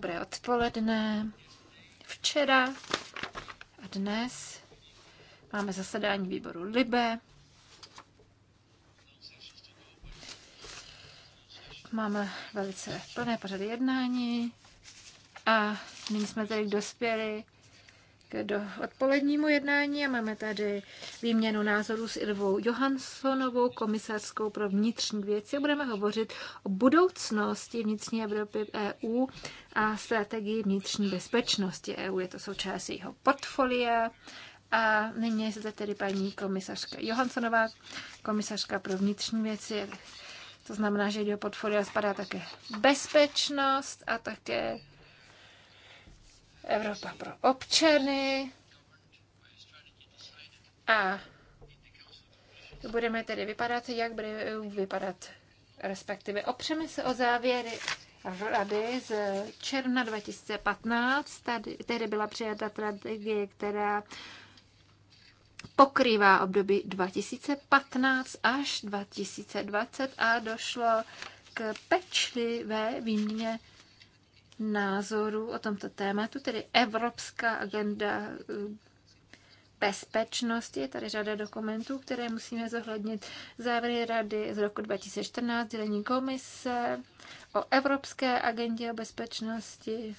Dobré odpoledne. Včera a dnes máme zasedání výboru Libe. Máme velice plné pořady jednání a nyní jsme tedy dospěli do odpolednímu jednání a máme tady výměnu názorů s Irvou Johanssonovou, komisařskou pro vnitřní věci. Budeme hovořit o budoucnosti vnitřní Evropy EU a strategii vnitřní bezpečnosti EU. Je to součást jejího portfolia. A nyní je zde tedy paní komisařka Johanssonová, komisařka pro vnitřní věci. To znamená, že do portfolia spadá také bezpečnost a také Evropa pro občany a budeme tedy vypadat, jak bude vypadat, respektive opřeme se o závěry rady z června 2015. Tady, tedy byla přijata strategie, která pokrývá období 2015 až 2020 a došlo k pečlivé výměně názoru o tomto tématu, tedy Evropská agenda eh, bezpečnosti. Je tady řada dokumentů, které musíme zohlednit. Závěry rady z roku 2014, dělení komise o Evropské agendě o bezpečnosti,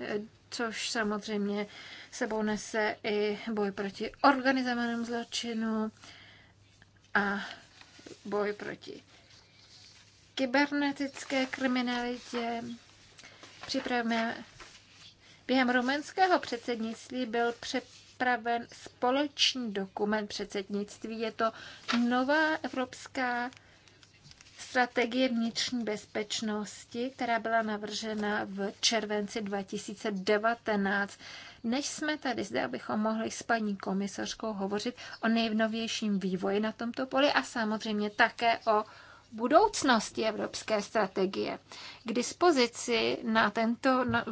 eh, což samozřejmě sebou nese i boj proti organizovanému zločinu a boj proti kybernetické kriminalitě. Připravme Během rumenského předsednictví byl přepraven společný dokument předsednictví. Je to nová evropská strategie vnitřní bezpečnosti, která byla navržena v červenci 2019. Než jsme tady zde, abychom mohli s paní komisařkou hovořit o nejnovějším vývoji na tomto poli a samozřejmě také o budoucnosti evropské strategie. K dispozici na, tento, na,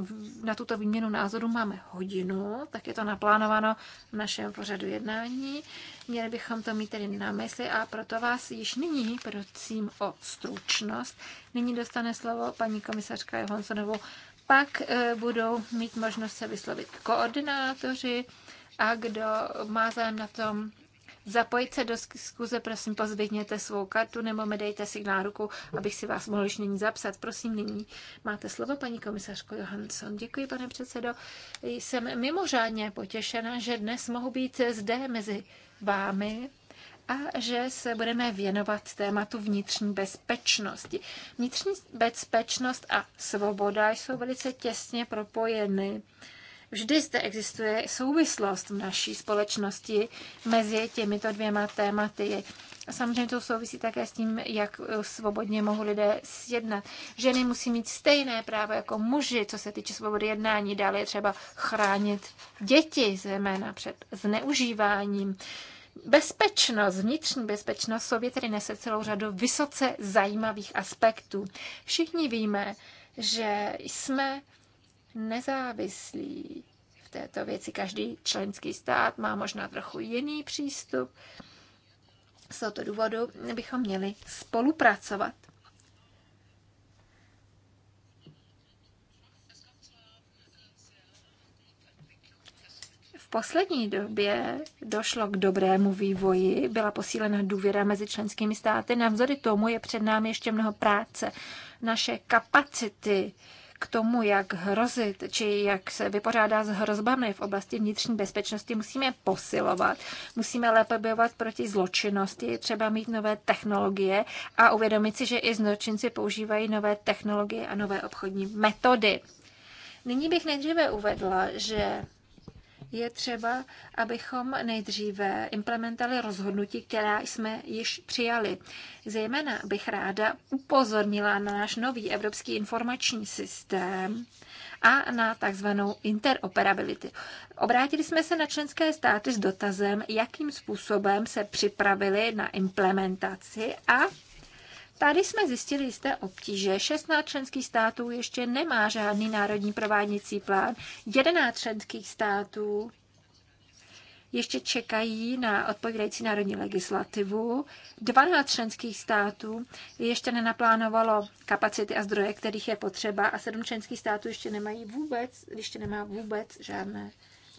na tuto výměnu názoru máme hodinu, tak je to naplánováno v našem pořadu jednání. Měli bychom to mít tedy na mysli a proto vás již nyní prosím o stručnost. Nyní dostane slovo paní komisařka Johanssonovou. Pak eh, budou mít možnost se vyslovit koordinátoři a kdo má zájem na tom zapojit se do diskuze, prosím, pozvedněte svou kartu nebo mi dejte signál ruku, abych si vás mohl již nyní zapsat. Prosím, nyní máte slovo, paní komisařko Johansson. Děkuji, pane předsedo. Jsem mimořádně potěšena, že dnes mohu být zde mezi vámi a že se budeme věnovat tématu vnitřní bezpečnosti. Vnitřní bezpečnost a svoboda jsou velice těsně propojeny. Vždy zde existuje souvislost v naší společnosti mezi těmito dvěma tématy. A samozřejmě to souvisí také s tím, jak eh, svobodně mohou lidé sjednat. Ženy musí mít stejné právo jako muži, co se týče svobody jednání. Dále je třeba chránit děti, zejména před zneužíváním. Bezpečnost, vnitřní bezpečnost sobě tedy nese celou řadu vysoce zajímavých aspektů. Všichni víme, že jsme nezávislí v této věci. Každý členský stát má možná trochu jiný přístup. Z tohoto důvodu bychom měli spolupracovat. poslední době došlo k dobrému vývoji, byla posílena důvěra mezi členskými státy. Navzory tomu je před námi ještě mnoho práce. Naše kapacity k tomu, jak hrozit, či jak se vypořádá s hrozbami v oblasti vnitřní bezpečnosti, musíme posilovat, musíme lépe bojovat proti zločinnosti, třeba mít nové technologie a uvědomit si, že i zločinci používají nové technologie a nové obchodní metody. Nyní bych nejdříve uvedla, že je třeba, abychom nejdříve implementovali rozhodnutí, která jsme již přijali. Zejména bych ráda upozornila na náš nový evropský informační systém a na takzvanou interoperability. Obrátili jsme se na členské státy s dotazem, jakým způsobem se připravili na implementaci a Tady jsme zjistili jisté obtíže. 16 členských států ještě nemá žádný národní prováděcí plán. 11 členských států ještě čekají na odpovídající národní legislativu. 12 členských států ještě nenaplánovalo kapacity a zdroje, kterých je potřeba a 7 členských států ještě nemají vůbec, ještě nemá vůbec žádné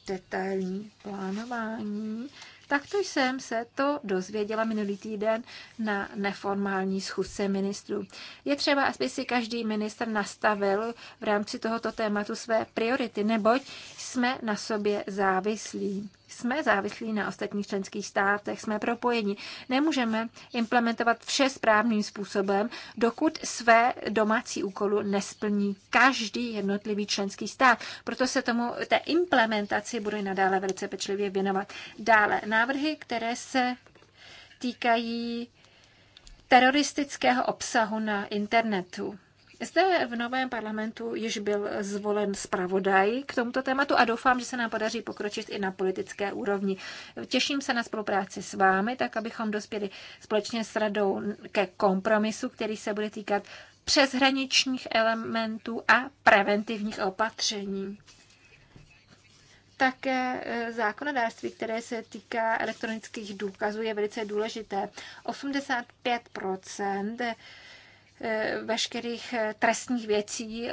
detailní plánování Takto jsem se to dozvěděla minulý týden na neformální schůzce ministrů. Je třeba, aby si každý minister nastavil v rámci tohoto tématu své priority, neboť jsme na sobě závislí jsme závislí na ostatních členských státech, jsme propojeni. Nemůžeme implementovat vše správným způsobem, dokud své domácí úkolu nesplní každý jednotlivý členský stát. Proto se tomu té implementaci bude nadále velice pečlivě věnovat. Dále návrhy, které se týkají teroristického obsahu na internetu. Zde v novém parlamentu již byl zvolen zpravodaj k tomuto tématu a doufám, že se nám podaří pokročit i na politické úrovni. Těším se na spolupráci s vámi, tak abychom dospěli společně s radou ke kompromisu, který se bude týkat přeshraničních elementů a preventivních opatření také eh, zákonodárství, které se týká elektronických důkazů, je velice důležité. 85 Eh, veškerých eh, trestních věcí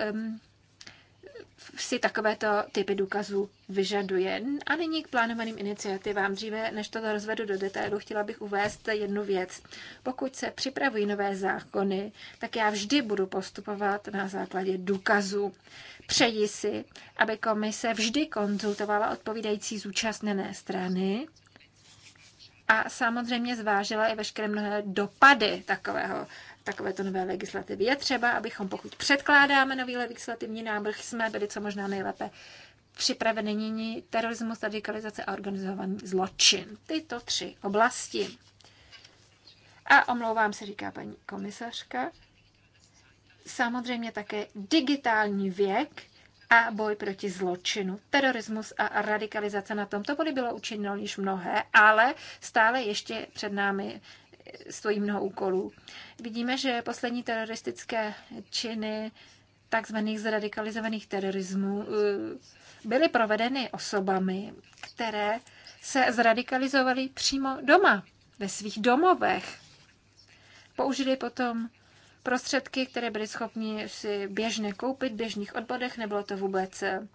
si takovéto typy důkazů vyžaduje. A nyní k plánovaným iniciativám. Dříve, než to rozvedu do detailu, chtěla bych uvést jednu věc. Pokud se připravují nové zákony, tak já vždy budu postupovat na základě důkazů. Přeji si, aby komise vždy konzultovala odpovídající zúčastněné strany a samozřejmě zvážila i veškeré mnohé dopady takového takovéto nové legislativy. Je třeba, abychom, pokud předkládáme nový legislativní návrh, jsme byli co možná nejlépe připraveni nyní terorismus, radikalizace a organizovaný zločin. Tyto tři oblasti. A omlouvám se, říká paní komisařka. Samozřejmě také digitální věk a boj proti zločinu. Terorismus a radikalizace na tomto poli bylo učiněno již mnohé, ale stále ještě před námi stojí mnoho úkolů. Vidíme, že poslední teroristické činy takzvaných zradikalizovaných terorismů eh, byly provedeny osobami, které se zradikalizovaly přímo doma, ve svých domovech. Použili potom prostředky, které byly schopni si běžně koupit v běžných odbodech, nebylo to vůbec eh,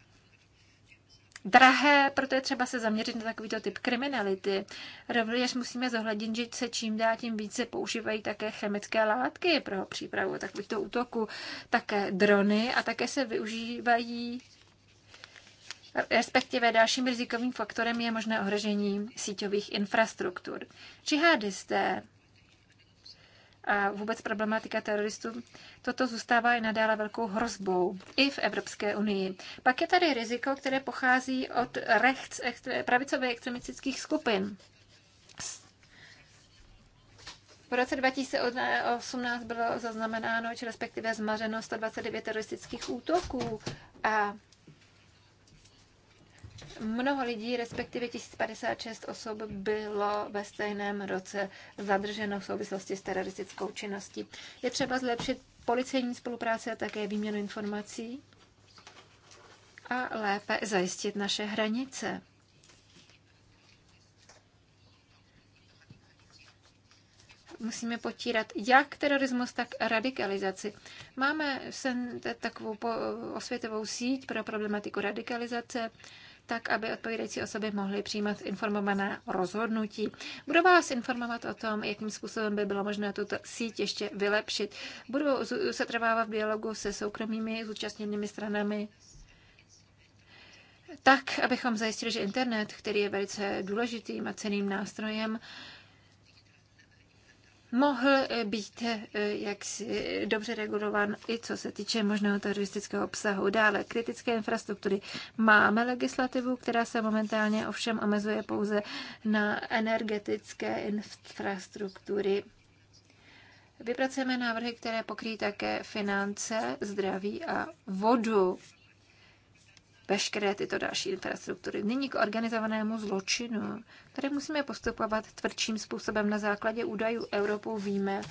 drahé, proto je třeba se zaměřit na takovýto typ kriminality. Rovněž musíme zohlednit, že se čím dál tím více používají také chemické látky pro přípravu takovýchto útoků, také drony a také se využívají respektive dalším rizikovým faktorem je možné ohrožení síťových infrastruktur. Džihadisté a vůbec problematika teroristů, toto zůstává i nadále velkou hrozbou i v Evropské unii. Pak je tady riziko, které pochází od rechts, pravicových extremistických skupin. V roce 2018 bylo zaznamenáno, či respektive zmařeno 129 teroristických útoků a Mnoho lidí, respektive 1056 osob, bylo ve stejném roce zadrženo v souvislosti s teroristickou činností. Je třeba zlepšit policejní spolupráci a také výměnu informací a lépe zajistit naše hranice. musíme potírat jak terorismus, tak radikalizaci. Máme takovou osvětovou síť pro problematiku radikalizace tak aby odpovídající osoby mohly přijímat informované rozhodnutí. Budu vás informovat o tom, jakým způsobem by bylo možné tuto síť ještě vylepšit. Budu se trvávat v dialogu se soukromými zúčastněnými stranami tak, abychom zajistili, že internet, který je velice důležitým a ceným nástrojem, mohl být eh, jaksi dobře regulován i co se týče možného teroristického obsahu. Dále kritické infrastruktury. Máme legislativu, která se momentálně ovšem omezuje pouze na energetické infrastruktury. Vypracujeme návrhy, které pokryjí také finance, zdraví a vodu veškeré tyto další infrastruktury. Nyní k organizovanému zločinu. které musíme postupovat tvrdším způsobem. Na základě údajů Europou víme,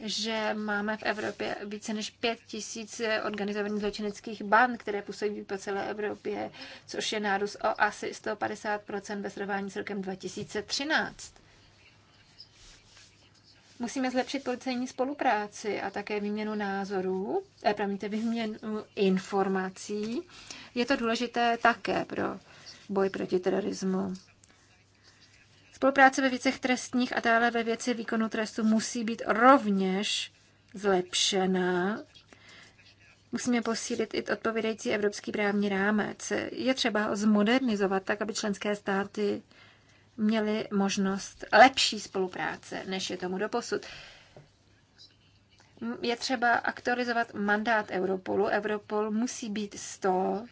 že máme v Evropě více než 5 tisíc organizovaných zločineckých band, které působí po celé Evropě, což je nárůst o asi 150% ve srovnání s rokem 2013. Musíme zlepšit policejní spolupráci a také výměnu názorů, eh, promiňte, výměnu informací. Je to důležité také pro boj proti terorismu. Spolupráce ve věcech trestních a dále ve věci výkonu trestu musí být rovněž zlepšená. Musíme posílit i odpovědající evropský právní rámec. Je třeba ho zmodernizovat tak, aby členské státy měli možnost lepší spolupráce, než je tomu doposud. Je třeba aktualizovat mandát Europolu. Europol musí být 100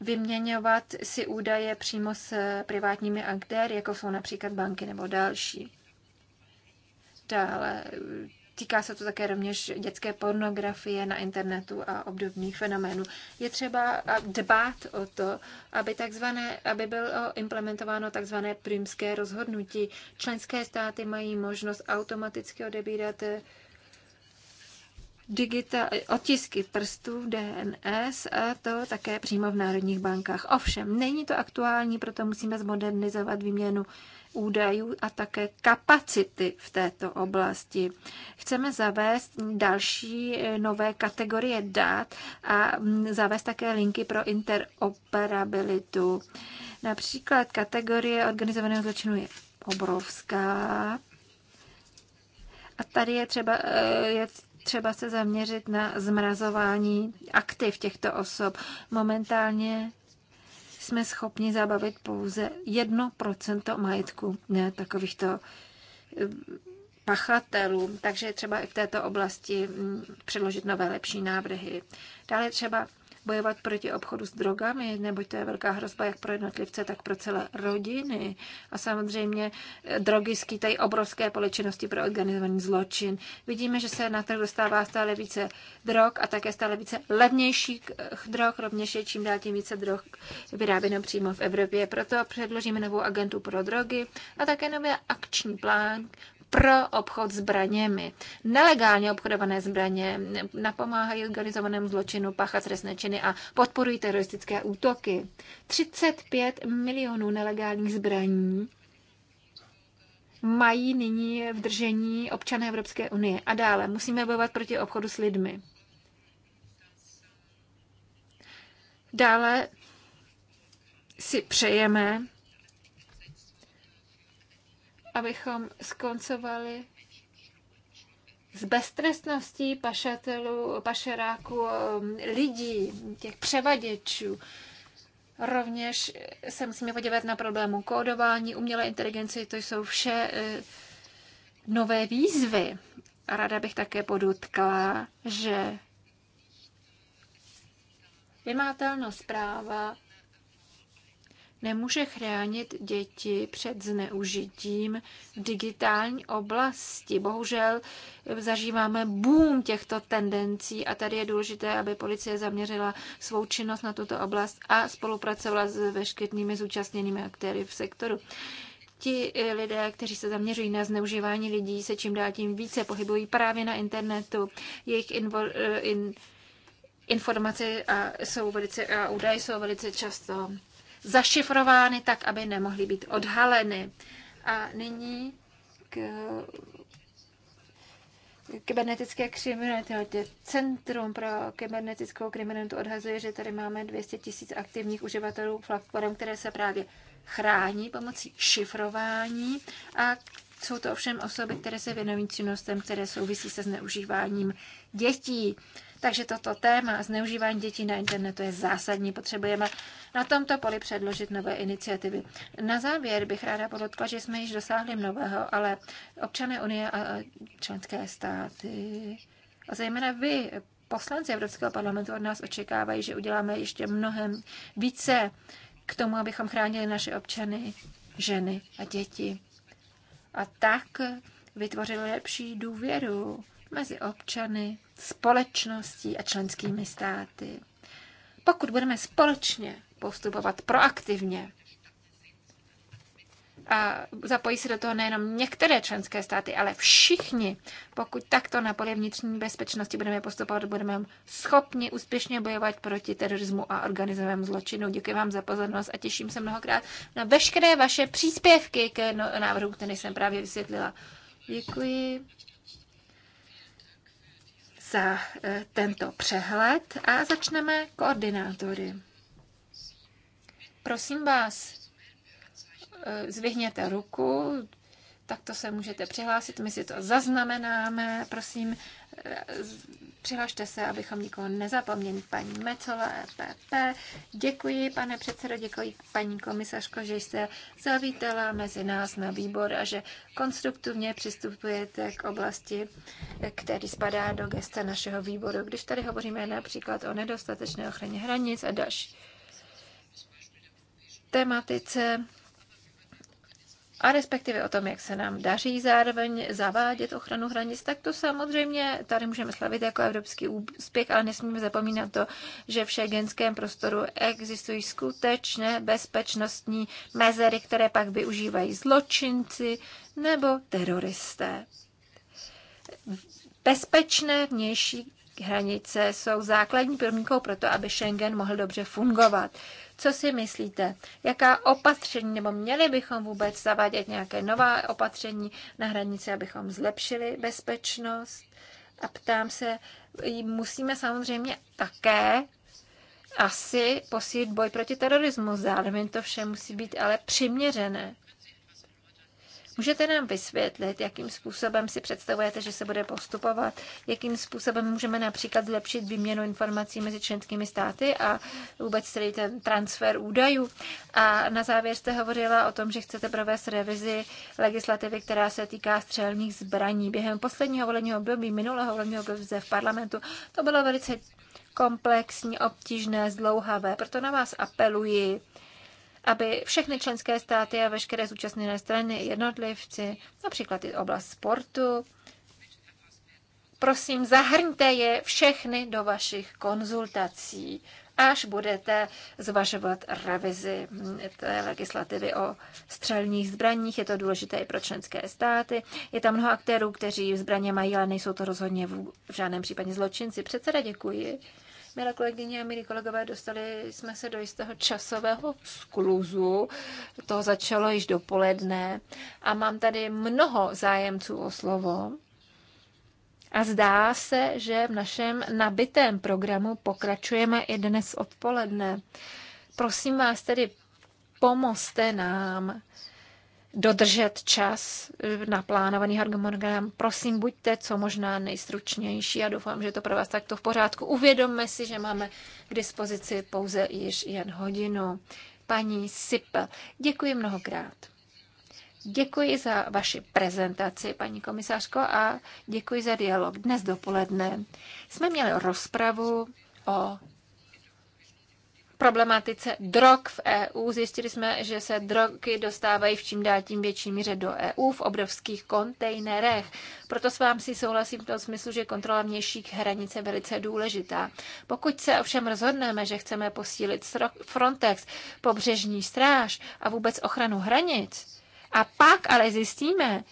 vyměňovat si údaje přímo s privátními aktéry, jako jsou například banky nebo další. Dále Týká se to také rovněž dětské pornografie na internetu a obdobných fenoménů. Je třeba dbát o to, aby, takzvané, aby bylo implementováno takzvané prýmské rozhodnutí. Členské státy mají možnost automaticky odebírat eh, digital, otisky prstů DNS a to také přímo v národních bankách. Ovšem, není to aktuální, proto musíme zmodernizovat výměnu údajů a také kapacity v této oblasti. Chceme zavést další eh, nové kategorie dat a mm, zavést také linky pro interoperabilitu. Například kategorie organizovaného zločinu je obrovská. A tady je třeba, eh, je třeba se zaměřit na zmrazování aktiv těchto osob. Momentálně jsme schopni zabavit pouze 1% majetku ne, takovýchto eh, pachatelů, takže třeba i v této oblasti mm, předložit nové lepší návrhy. Dále třeba bojovat proti obchodu s drogami, neboť to je velká hrozba jak pro jednotlivce, tak pro celé rodiny. A samozřejmě eh, drogy skýtají obrovské polečinnosti pro organizovaný zločin. Vidíme, že se na trh dostává stále více drog a také stále více levnějších eh, drog, rovněž je čím dál tím více drog vyráběno přímo v Evropě. Proto předložíme novou agentu pro drogy a také nový akční plán pro obchod zbraněmi. Nelegálně obchodované zbraně napomáhají organizovanému zločinu páchat trestné činy a podporují teroristické útoky. 35 milionů nelegálních zbraní mají nyní v držení občané Evropské unie. A dále musíme bojovat proti obchodu s lidmi. Dále si přejeme, abychom skoncovali s beztrestností pašatelů, pašeráků, um, lidí, těch převaděčů. Rovněž se musíme podívat na problému kódování, umělé inteligenci, to jsou vše eh, nové výzvy. A ráda bych také podotkla, že vymátelnost práva nemůže chránit děti před zneužitím v digitální oblasti. Bohužel zažíváme boom těchto tendencí a tady je důležité, aby policie zaměřila svou činnost na tuto oblast a spolupracovala s veškerými zúčastněnými aktéry v sektoru ti eh, lidé, kteří se zaměřují na zneužívání lidí, se čím dál tím více pohybují právě na internetu. Jejich invo, eh, in, informace a, jsou velice, a údaje jsou velice často zašifrovány tak, aby nemohly být odhaleny. A nyní k kybernetické kriminality. Centrum pro kybernetickou kriminalitu odhazuje, že tady máme 200 tisíc aktivních uživatelů platform, které se právě chrání pomocí šifrování a jsou to ovšem osoby, které se věnují činnostem, které souvisí se zneužíváním dětí. Takže toto téma zneužívání dětí na internetu je zásadní. Potřebujeme na tomto poli předložit nové iniciativy. Na závěr bych ráda podotkla, že jsme již dosáhli mnohého, ale občané Unie a členské státy a zejména vy, poslanci Evropského parlamentu, od nás očekávají, že uděláme ještě mnohem více k tomu, abychom chránili naše občany, ženy a děti. A tak vytvořili lepší důvěru mezi občany, společností a členskými státy. Pokud budeme společně postupovat proaktivně, a zapojí se do toho nejenom některé členské státy, ale všichni, pokud takto na poli vnitřní bezpečnosti budeme postupovat, budeme schopni úspěšně bojovat proti terorismu a organizovanému zločinu. Děkuji vám za pozornost a těším se mnohokrát na veškeré vaše příspěvky k návrhu, který jsem právě vysvětlila. Děkuji za eh, tento přehled a začneme koordinátory. Prosím vás, eh, zvihněte ruku, tak to se můžete přihlásit, my si to zaznamenáme. Prosím, Přihlašte se, abychom nikoho nezapomněli. Paní Mecola, EPP. Děkuji, pane předsedo, děkuji paní komisařko, že jste zavítala mezi nás na výbor a že konstruktivně přistupujete k oblasti, který spadá do gesta našeho výboru. Když tady hovoříme například o nedostatečné ochraně hranic a další tematice, a respektive o tom, jak se nám daří zároveň zavádět ochranu hranic, tak to samozřejmě tady můžeme slavit jako evropský úspěch, ale nesmíme zapomínat to, že v šegenském prostoru existují skutečné bezpečnostní mezery, které pak využívají zločinci nebo teroristé. Bezpečné vnější hranice jsou základní podmínkou pro to, aby Schengen mohl dobře fungovat. Co si myslíte? Jaká opatření, nebo měli bychom vůbec zavádět nějaké nová opatření na hranici, abychom zlepšili bezpečnost? A ptám se, musíme samozřejmě také asi posílit boj proti terorismu. Zároveň to vše musí být ale přiměřené. Můžete nám vysvětlit, jakým způsobem si představujete, že se bude postupovat, jakým způsobem můžeme například zlepšit výměnu informací mezi členskými státy a vůbec celý ten transfer údajů. A na závěr jste hovořila o tom, že chcete provést revizi legislativy, která se týká střelných zbraní. Během posledního volebního období, minulého volebního období v parlamentu, to bylo velice komplexní, obtížné, zdlouhavé. Proto na vás apeluji, aby všechny členské státy a veškeré zúčastněné strany, jednotlivci, například i oblast sportu, prosím, zahrňte je všechny do vašich konzultací, až budete zvažovat revizi té legislativy o střelních zbraních. Je to důležité i pro členské státy. Je tam mnoho aktérů, kteří zbraně mají, ale nejsou to rozhodně v žádném případě zločinci. Předseda, děkuji. Milé kolegyně a milí kolegové, dostali jsme se do jistého časového skluzu. To začalo již dopoledne a mám tady mnoho zájemců o slovo. A zdá se, že v našem nabitém programu pokračujeme i dnes odpoledne. Prosím vás tedy, pomozte nám dodržet čas eh, na plánovaný harmonogram. Prosím, buďte co možná nejstručnější a doufám, že to pro vás takto v pořádku. Uvědomme si, že máme k dispozici pouze již jen hodinu. Paní Sipel, děkuji mnohokrát. Děkuji za vaši prezentaci, paní komisářko, a děkuji za dialog. Dnes dopoledne jsme měli rozpravu o problematice drog v EU. Zjistili jsme, že se drogy dostávají v čím dál tím větší míře do EU v obrovských kontejnerech. Proto s vám si souhlasím v tom smyslu, že kontrola vnějších hranic je velice důležitá. Pokud se ovšem rozhodneme, že chceme posílit Frontex, pobřežní stráž a vůbec ochranu hranic, a pak ale zjistíme,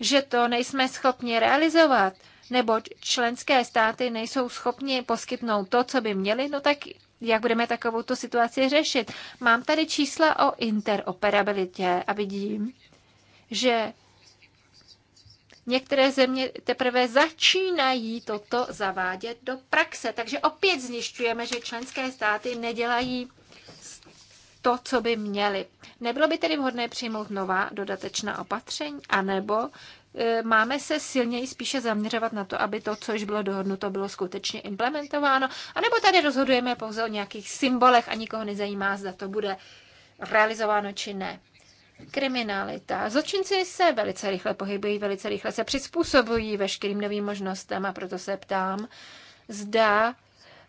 že to nejsme schopni realizovat, neboť členské státy nejsou schopni poskytnout to, co by měli, no tak jak budeme takovou tu situaci řešit. Mám tady čísla o interoperabilitě a vidím, že Některé země teprve začínají toto zavádět do praxe, takže opět zjišťujeme, že členské státy nedělají to, co by měly. Nebylo by tedy vhodné přijmout nová dodatečná opatření, anebo E, máme se silněji spíše zaměřovat na to, aby to, co již bylo dohodnuto, bylo skutečně implementováno, anebo tady rozhodujeme pouze o nějakých symbolech a nikoho nezajímá, zda to bude realizováno či ne. Kriminalita. Zločinci se velice rychle pohybují, velice rychle se přizpůsobují veškerým novým možnostem a proto se ptám, zda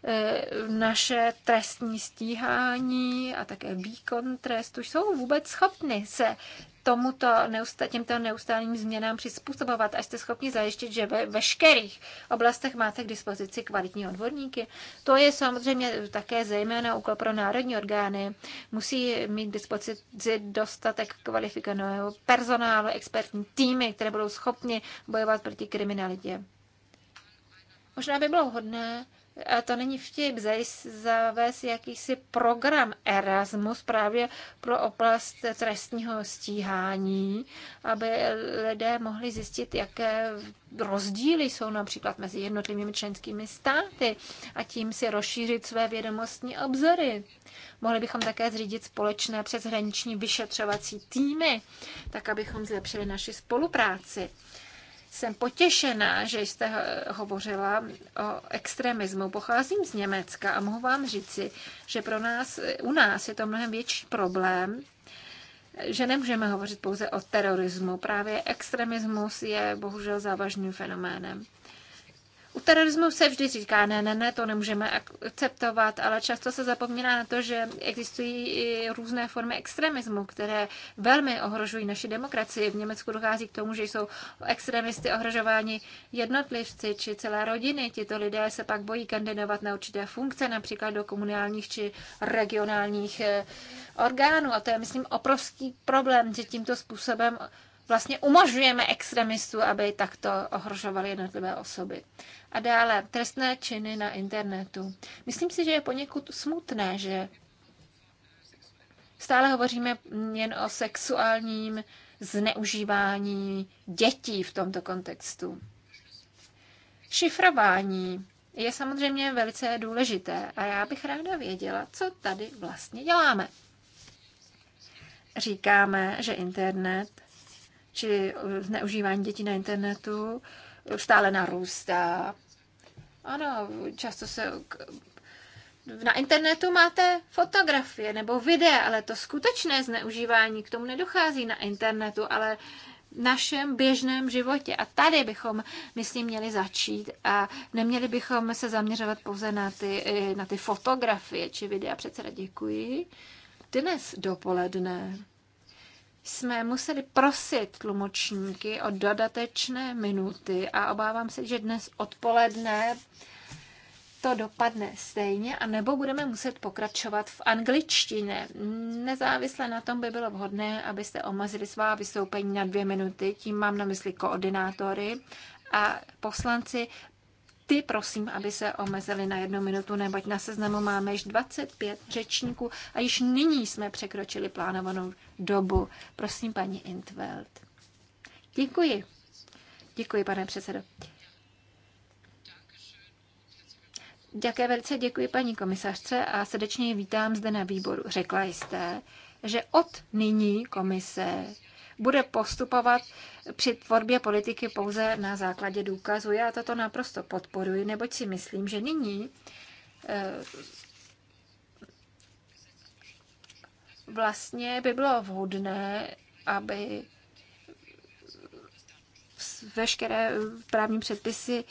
e, naše trestní stíhání a také výkon trestu jsou vůbec schopny se tomuto neustá, těmto neustálým změnám přizpůsobovat, až jste schopni zajistit, že ve veškerých oblastech máte k dispozici kvalitní odborníky. To je samozřejmě také zejména úkol pro národní orgány. Musí mít k dispozici dostatek kvalifikovaného personálu, expertní týmy, které budou schopni bojovat proti kriminalitě. Možná by bylo hodné a to není vtip, zavést jakýsi program Erasmus právě pro oblast trestního stíhání, aby lidé mohli zjistit, jaké rozdíly jsou například mezi jednotlivými členskými státy a tím si rozšířit své vědomostní obzory. Mohli bychom také zřídit společné přeshraniční vyšetřovací týmy, tak abychom zlepšili naši spolupráci. Jsem potěšená, že jste hovořila o extremismu. Pocházím z Německa a mohu vám říci, že pro nás, u nás je to mnohem větší problém, že nemůžeme hovořit pouze o terorismu. Právě extremismus je bohužel závažným fenoménem. U terorismu se vždy říká, ne, ne, ne, to nemůžeme akceptovat, ale často se zapomíná na to, že existují i různé formy extremismu, které velmi ohrožují naši demokracii. V Německu dochází k tomu, že jsou extremisty ohrožováni jednotlivci či celé rodiny. Tito lidé se pak bojí kandidovat na určité funkce, například do komunálních či regionálních eh, orgánů. A to je, myslím, obrovský problém, že tímto způsobem vlastně umožňujeme extremistů, aby takto ohrožovali jednotlivé osoby. A dále trestné činy na internetu. Myslím si, že je poněkud smutné, že stále hovoříme jen o sexuálním zneužívání dětí v tomto kontextu. Šifrování je samozřejmě velice důležité a já bych ráda věděla, co tady vlastně děláme. Říkáme, že internet či zneužívání dětí na internetu stále narůstá. Ano, často se na internetu máte fotografie nebo videa, ale to skutečné zneužívání k tomu nedochází na internetu, ale našem běžném životě. A tady bychom, myslím, měli začít a neměli bychom se zaměřovat pouze na ty, na ty fotografie či videa. Přece děkuji. Dnes dopoledne jsme museli prosit tlumočníky o dodatečné minuty a obávám se, že dnes odpoledne to dopadne stejně, a nebo budeme muset pokračovat v angličtině. Nezávisle na tom by bylo vhodné, abyste omezili svá vystoupení na dvě minuty, tím mám na mysli koordinátory a poslanci, ty prosím, aby se omezili na jednu minutu, neboť na seznamu máme již 25 řečníků a již nyní jsme překročili plánovanou dobu. Prosím, paní Intveld. Děkuji. Děkuji, pane předsedo. Děkuji velice, děkuji paní komisařce a srdečně ji vítám zde na výboru. Řekla jste, že od nyní komise bude postupovat při tvorbě politiky pouze na základě důkazu. Já toto naprosto podporuji, neboť si myslím, že nyní eh, vlastně by bylo vhodné, aby veškeré právní předpisy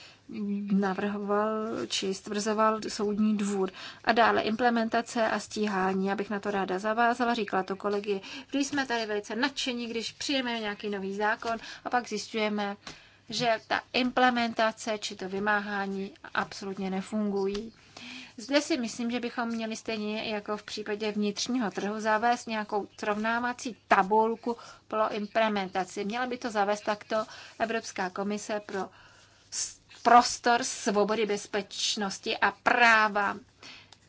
navrhoval či stvrzoval soudní dvůr. A dále implementace a stíhání, abych na to ráda zavázala, říkala to kolegy. Když jsme tady velice nadšení, když přijeme nějaký nový zákon a pak zjistujeme, že ta implementace či to vymáhání absolutně nefungují. Zde si myslím, že bychom měli stejně jako v případě vnitřního trhu zavést nějakou srovnávací tabulku pro implementaci. Měla by to zavést takto Evropská komise pro prostor svobody, bezpečnosti a práva.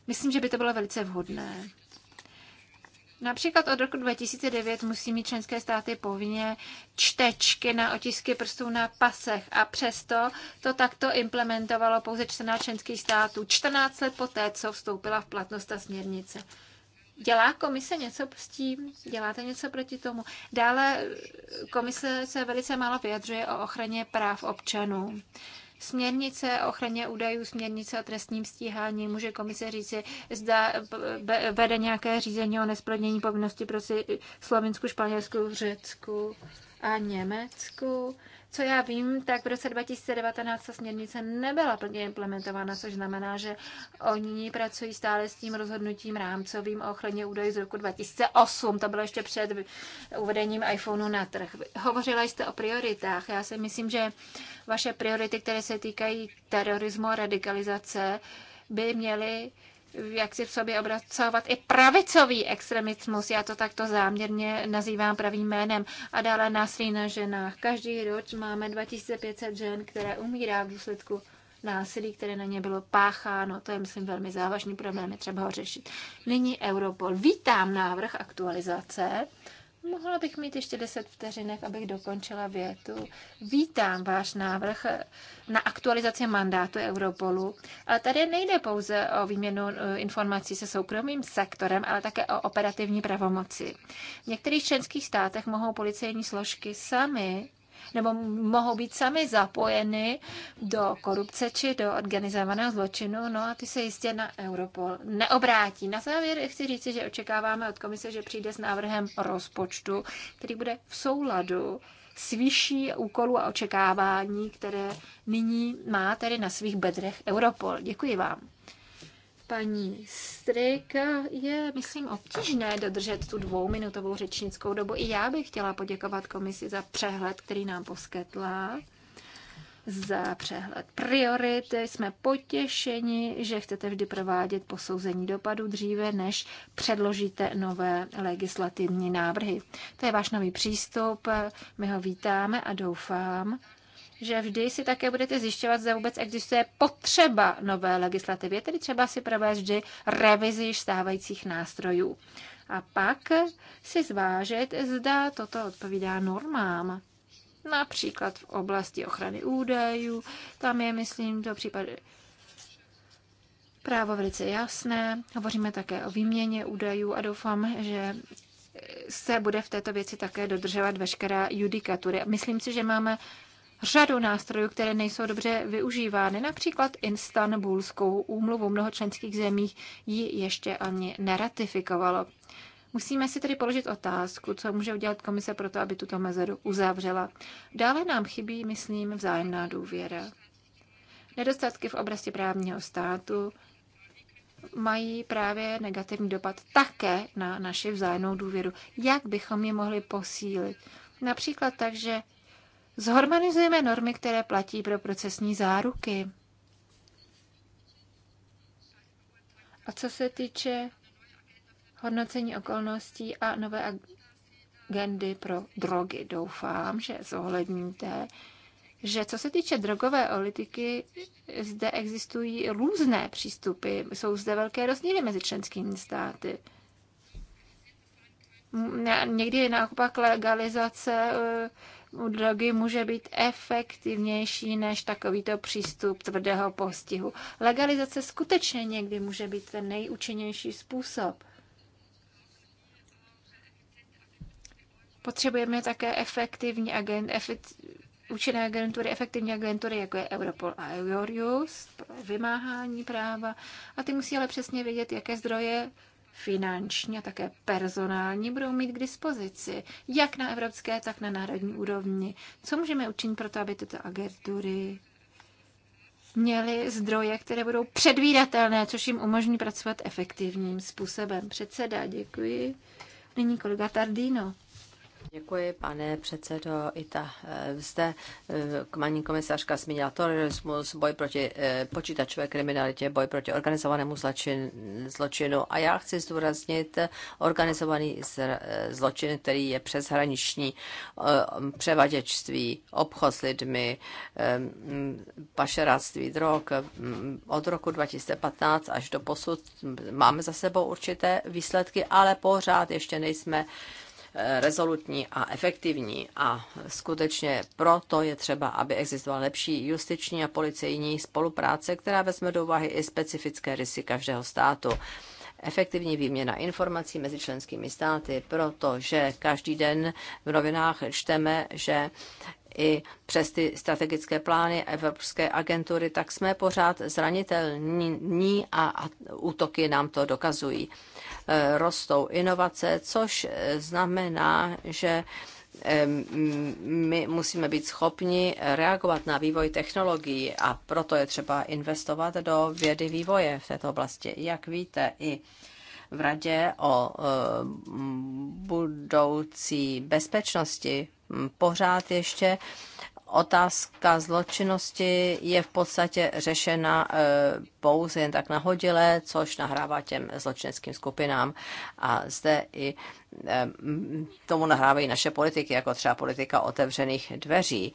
Myslím, že by to bylo velice vhodné. Například od roku 2009 musí mít členské státy povinně čtečky na otisky prstů na pasech a přesto to takto implementovalo pouze 14 členských států 14 let poté, co vstoupila v platnost ta směrnice. Dělá komise něco s tím? Děláte něco proti tomu? Dále komise se velice málo vyjadřuje o ochraně práv občanů. Směrnice o ochraně údajů, směrnice o trestním stíhání, může komise říci, zda vede nějaké řízení o nesplnění povinnosti pro Slovensku, Španělsku, Řecku a Německu. Co já vím, tak v roce 2019 ta směrnice nebyla plně implementována, což znamená, že oni pracují stále s tím rozhodnutím rámcovým o ochraně údajů z roku 2008. To bylo ještě před uvedením iPhoneu na trh. Hovořila jste o prioritách. Já si myslím, že vaše priority, které se týkají terorismu a radikalizace, by měly jak si v sobě obracovat i pravicový extremismus. Já to takto záměrně nazývám pravým jménem. A dále násilí na ženách. Každý rok máme 2500 žen, které umírá v důsledku násilí, které na ně bylo pácháno. To je, myslím, velmi závažný problém, je třeba ho řešit. Nyní Europol. Vítám návrh aktualizace Mohla bych mít ještě 10 vteřinek, abych dokončila větu. Vítám váš návrh na aktualizaci mandátu Europolu, ale tady nejde pouze o výměnu e, informací se soukromým sektorem, ale také o operativní pravomoci. V některých členských státech mohou policejní složky sami nebo mohou být sami zapojeny do korupce či do organizovaného zločinu, no a ty se jistě na Europol neobrátí. Na závěr chci říct, že očekáváme od komise, že přijde s návrhem rozpočtu, který bude v souladu s vyšší úkolů a očekávání, které nyní má tedy na svých bedrech Europol. Děkuji vám paní Strik. Je, myslím, obtížné dodržet tu dvouminutovou řečnickou dobu. I já bych chtěla poděkovat komisi za přehled, který nám poskytla za přehled priorit. Jsme potěšeni, že chcete vždy provádět posouzení dopadu dříve, než předložíte nové legislativní návrhy. To je váš nový přístup, my ho vítáme a doufám, že vždy si také budete zjišťovat, zda vůbec existuje potřeba nové legislativy. Tedy třeba si provést vždy revizi stávajících nástrojů. A pak si zvážit, zda toto odpovídá normám například v oblasti ochrany údajů. Tam je, myslím, to případ právo velice jasné. Hovoříme také o výměně údajů a doufám, že se bude v této věci také dodržovat veškerá judikatury. Myslím si, že máme řadu nástrojů, které nejsou dobře využívány, například Istanbulskou úmluvu. Mnoho členských zemí ji ještě ani neratifikovalo. Musíme si tedy položit otázku, co může udělat komise pro to, aby tuto mezeru uzavřela. Dále nám chybí, myslím, vzájemná důvěra. Nedostatky v oblasti právního státu mají právě negativní dopad také na naši vzájemnou důvěru. Jak bychom ji mohli posílit? Například tak, že Zhormonizujeme normy, které platí pro procesní záruky. A co se týče hodnocení okolností a nové agendy pro drogy, doufám, že zohledníte, že co se týče drogové politiky, zde existují různé přístupy. Jsou zde velké rozdíly mezi členskými státy. Někdy je naopak legalizace eh, u drogy může být efektivnější než takovýto přístup tvrdého postihu. Legalizace skutečně někdy může být ten nejúčinnější způsob. Potřebujeme také efektivní agent, efekt, účinné agentury, efektivní agentury, jako je Europol a Eurojust, pro vymáhání práva. A ty musí ale přesně vědět, jaké zdroje finanční a také personální budou mít k dispozici, jak na evropské, tak na národní úrovni. Co můžeme učinit pro to, aby tyto agentury měly zdroje, které budou předvídatelné, což jim umožní pracovat efektivním způsobem. Předseda, děkuji. Nyní kolega Tardino. Děkuji, pane předsedo. I ta eh, zde eh, paní komisařka zmínila terorismus, boj proti eh, počítačové kriminalitě, boj proti organizovanému zločin, zločinu. A já chci zdůraznit organizovaný zločin, který je přeshraniční převaděčství, obchod s lidmi, mm, pašeráctví drog. Mm, od roku 2015 až do posud máme za sebou určité výsledky, ale pořád ještě nejsme Eh, rezolutní a efektivní. A skutečně proto je třeba, aby existovala lepší justiční a policejní spolupráce, která vezme do úvahy i specifické rysy každého státu efektivní výměna informací mezi členskými státy, protože každý den v novinách čteme, že i přes ty strategické plány Evropské agentury, tak jsme pořád zranitelní a útoky nám to dokazují. Eh, rostou inovace, což eh, znamená, že my musíme být schopni reagovat na vývoj technologií a proto je třeba investovat do vědy vývoje v této oblasti. Jak víte, i v radě o eh, budoucí bezpečnosti pořád ještě otázka zločinnosti je v podstatě řešena e, pouze jen tak nahodile, což nahrává těm zločineckým skupinám. A zde i e, tomu nahrávají naše politiky, jako třeba politika otevřených dveří.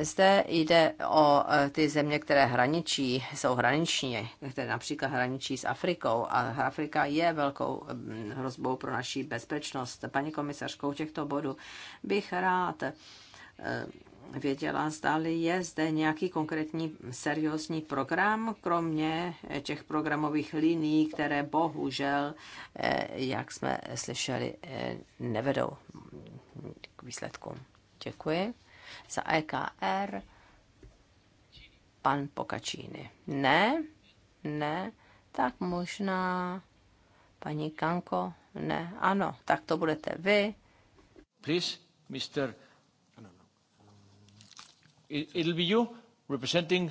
Zde jde o e, ty země, které hraničí, jsou hraniční, které například hraničí s Afrikou a Afrika je velkou hrozbou pro naši bezpečnost. Paní komisařkou těchto bodů bych rád věděla, zdali je zde nějaký konkrétní seriózní program, kromě eh, těch programových linií, které bohužel, eh, jak jsme slyšeli, eh, nevedou k výsledkům. Děkuji. Za EKR pan Pokačíny. Ne, ne, tak možná paní Kanko, ne, ano, tak to budete vy. Please, Mr it'll be you representing...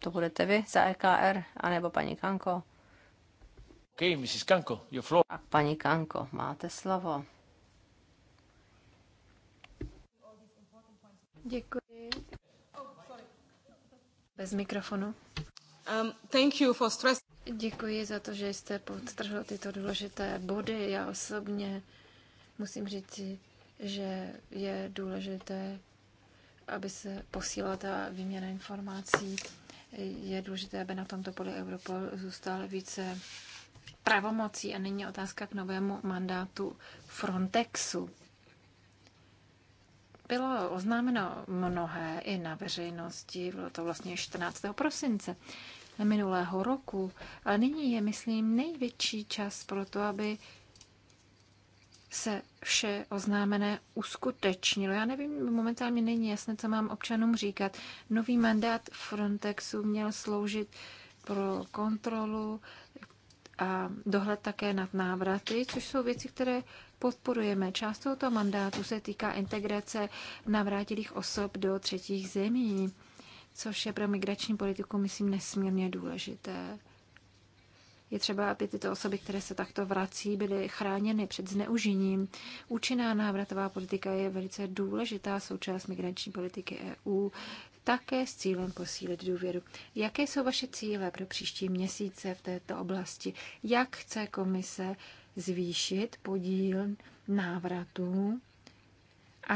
To budete vy za EKR, anebo paní Kanko? Okay, Mrs. Kanko, your floor. A paní Kanko, máte slovo. Děkuji. Bez mikrofonu. Um, thank you for stress. Děkuji za to, že jste podtrhl tyto důležité body. Já osobně musím říct, že je důležité aby se posílala ta výměna informací. Je důležité, aby na tomto poli Europol zůstal více pravomocí a není otázka k novému mandátu Frontexu. Bylo oznámeno mnohé i na veřejnosti, bylo to vlastně 14. prosince minulého roku, ale nyní je, myslím, největší čas pro to, aby se vše oznámené uskutečnilo. Já nevím, momentálně není jasné, co mám občanům říkat. Nový mandát Frontexu měl sloužit pro kontrolu a dohled také nad návraty, což jsou věci, které podporujeme. Část tohoto mandátu se týká integrace navrátilých osob do třetích zemí, což je pro migrační politiku, myslím, nesmírně důležité. Je třeba, aby tyto osoby, které se takto vrací, byly chráněny před zneužením. Účinná návratová politika je velice důležitá součást migrační politiky EU, také s cílem posílit důvěru. Jaké jsou vaše cíle pro příští měsíce v této oblasti? Jak chce komise zvýšit podíl návratů a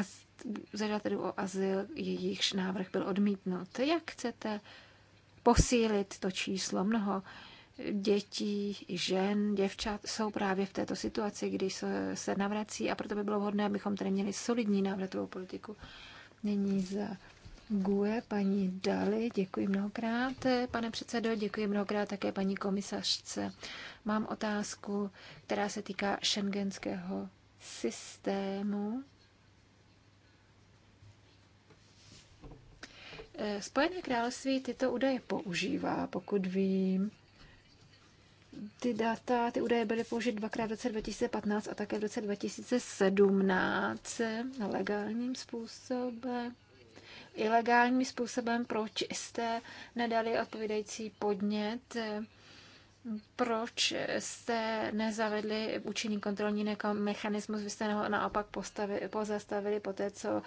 zadatelů o azyl, jejichž návrh byl odmítnut? Jak chcete posílit to číslo? Mnoho dětí, žen, děvčat jsou právě v této situaci, když se navrací a proto by bylo vhodné, abychom tady měli solidní návratovou politiku. Nyní za GUE paní Dali, děkuji mnohokrát, pane předsedo, děkuji mnohokrát také paní komisařce. Mám otázku, která se týká šengenského systému. Spojené království tyto údaje používá, pokud vím ty data, ty údaje byly použity dvakrát v roce 2015 a také v roce 2017 legálním způsobem ilegálním způsobem, proč jste nedali odpovídající podnět, proč jste nezavedli účinný kontrolní mechanismus, vy jste ho naopak pozastavili po té, co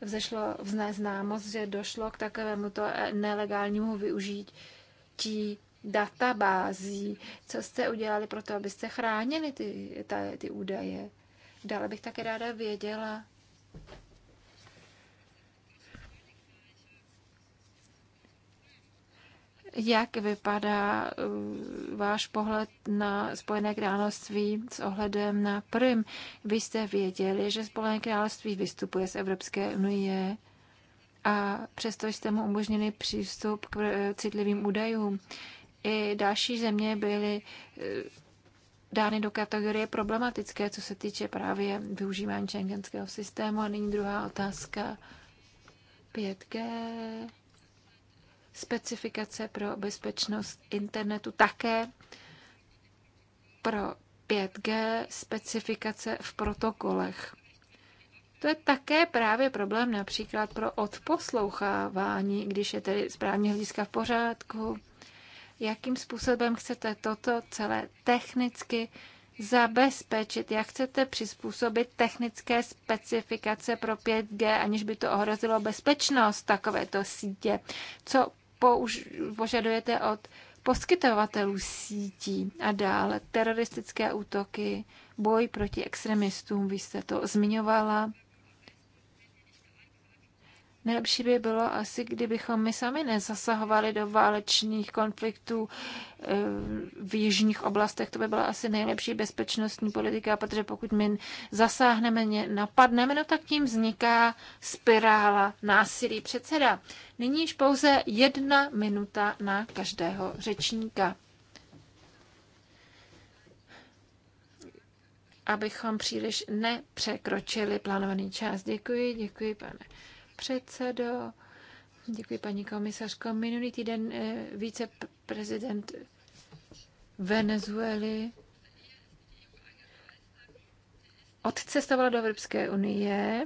vzešlo v známost, že došlo k takovému to nelegálnímu využití databází. Co jste udělali pro to, abyste chránili ty, ta, ty údaje? Dále bych také ráda věděla, Jak vypadá uh, váš pohled na Spojené království s ohledem na Prim? Vy jste věděli, že Spojené království vystupuje z Evropské unie a přesto jste mu umožnili přístup k citlivým údajům i další země byly e, dány do kategorie problematické, co se týče právě využívání šengenského systému. A nyní druhá otázka. 5G, specifikace pro bezpečnost internetu také pro 5G specifikace v protokolech. To je také právě problém například pro odposlouchávání, když je tedy správně hlediska v pořádku, jakým způsobem chcete toto celé technicky zabezpečit, jak chcete přizpůsobit technické specifikace pro 5G, aniž by to ohrozilo bezpečnost takovéto sítě. Co použ- požadujete od poskytovatelů sítí a dále teroristické útoky, boj proti extremistům, vy jste to zmiňovala. Nejlepší by bylo asi, kdybychom my sami nezasahovali do válečných konfliktů eh, v jižních oblastech. To by byla asi nejlepší bezpečnostní politika, protože pokud my zasáhneme, napadneme, no tak tím vzniká spirála násilí. Předseda, nyní již pouze jedna minuta na každého řečníka. abychom příliš nepřekročili plánovaný čas. Děkuji, děkuji, pane předsedo. Děkuji, paní komisařko. Minulý týden eh, viceprezident Venezuely odcestoval do Evropské unie,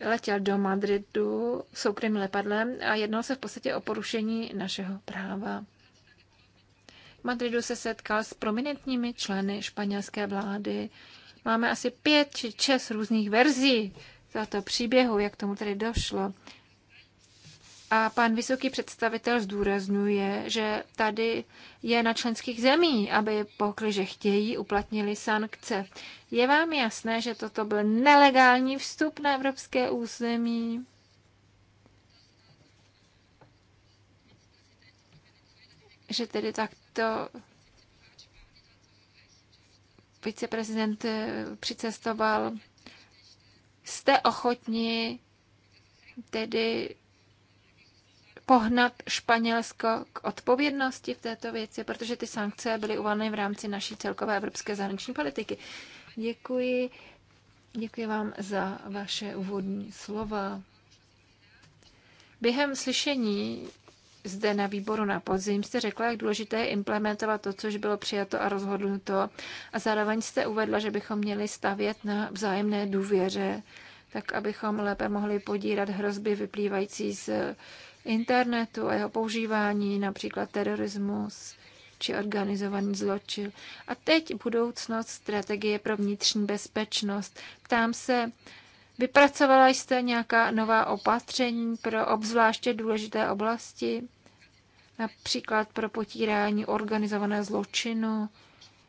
letěl do Madridu soukromým lepadlem a jednal se v podstatě o porušení našeho práva. V Madridu se setkal s prominentními členy španělské vlády. Máme asi pět či šest různých verzí tohoto příběhu, jak tomu tedy došlo. A pan vysoký představitel zdůrazňuje, že tady je na členských zemí, aby pokud, že chtějí, uplatnili sankce. Je vám jasné, že toto byl nelegální vstup na evropské území? Že tedy takto viceprezident přicestoval jste ochotni tedy pohnat Španělsko k odpovědnosti v této věci, protože ty sankce byly uvaleny v rámci naší celkové evropské zahraniční politiky. Děkuji. Děkuji vám za vaše úvodní slova. Během slyšení zde na výboru na podzim jste řekla, jak důležité je implementovat to, což bylo přijato a rozhodnuto. A zároveň jste uvedla, že bychom měli stavět na vzájemné důvěře, tak abychom lépe mohli podírat hrozby vyplývající z internetu a jeho používání, například terorismus či organizovaný zločin. A teď budoucnost strategie pro vnitřní bezpečnost. Ptám se, vypracovala jste nějaká nová opatření pro obzvláště důležité oblasti? například pro potírání organizované zločinu,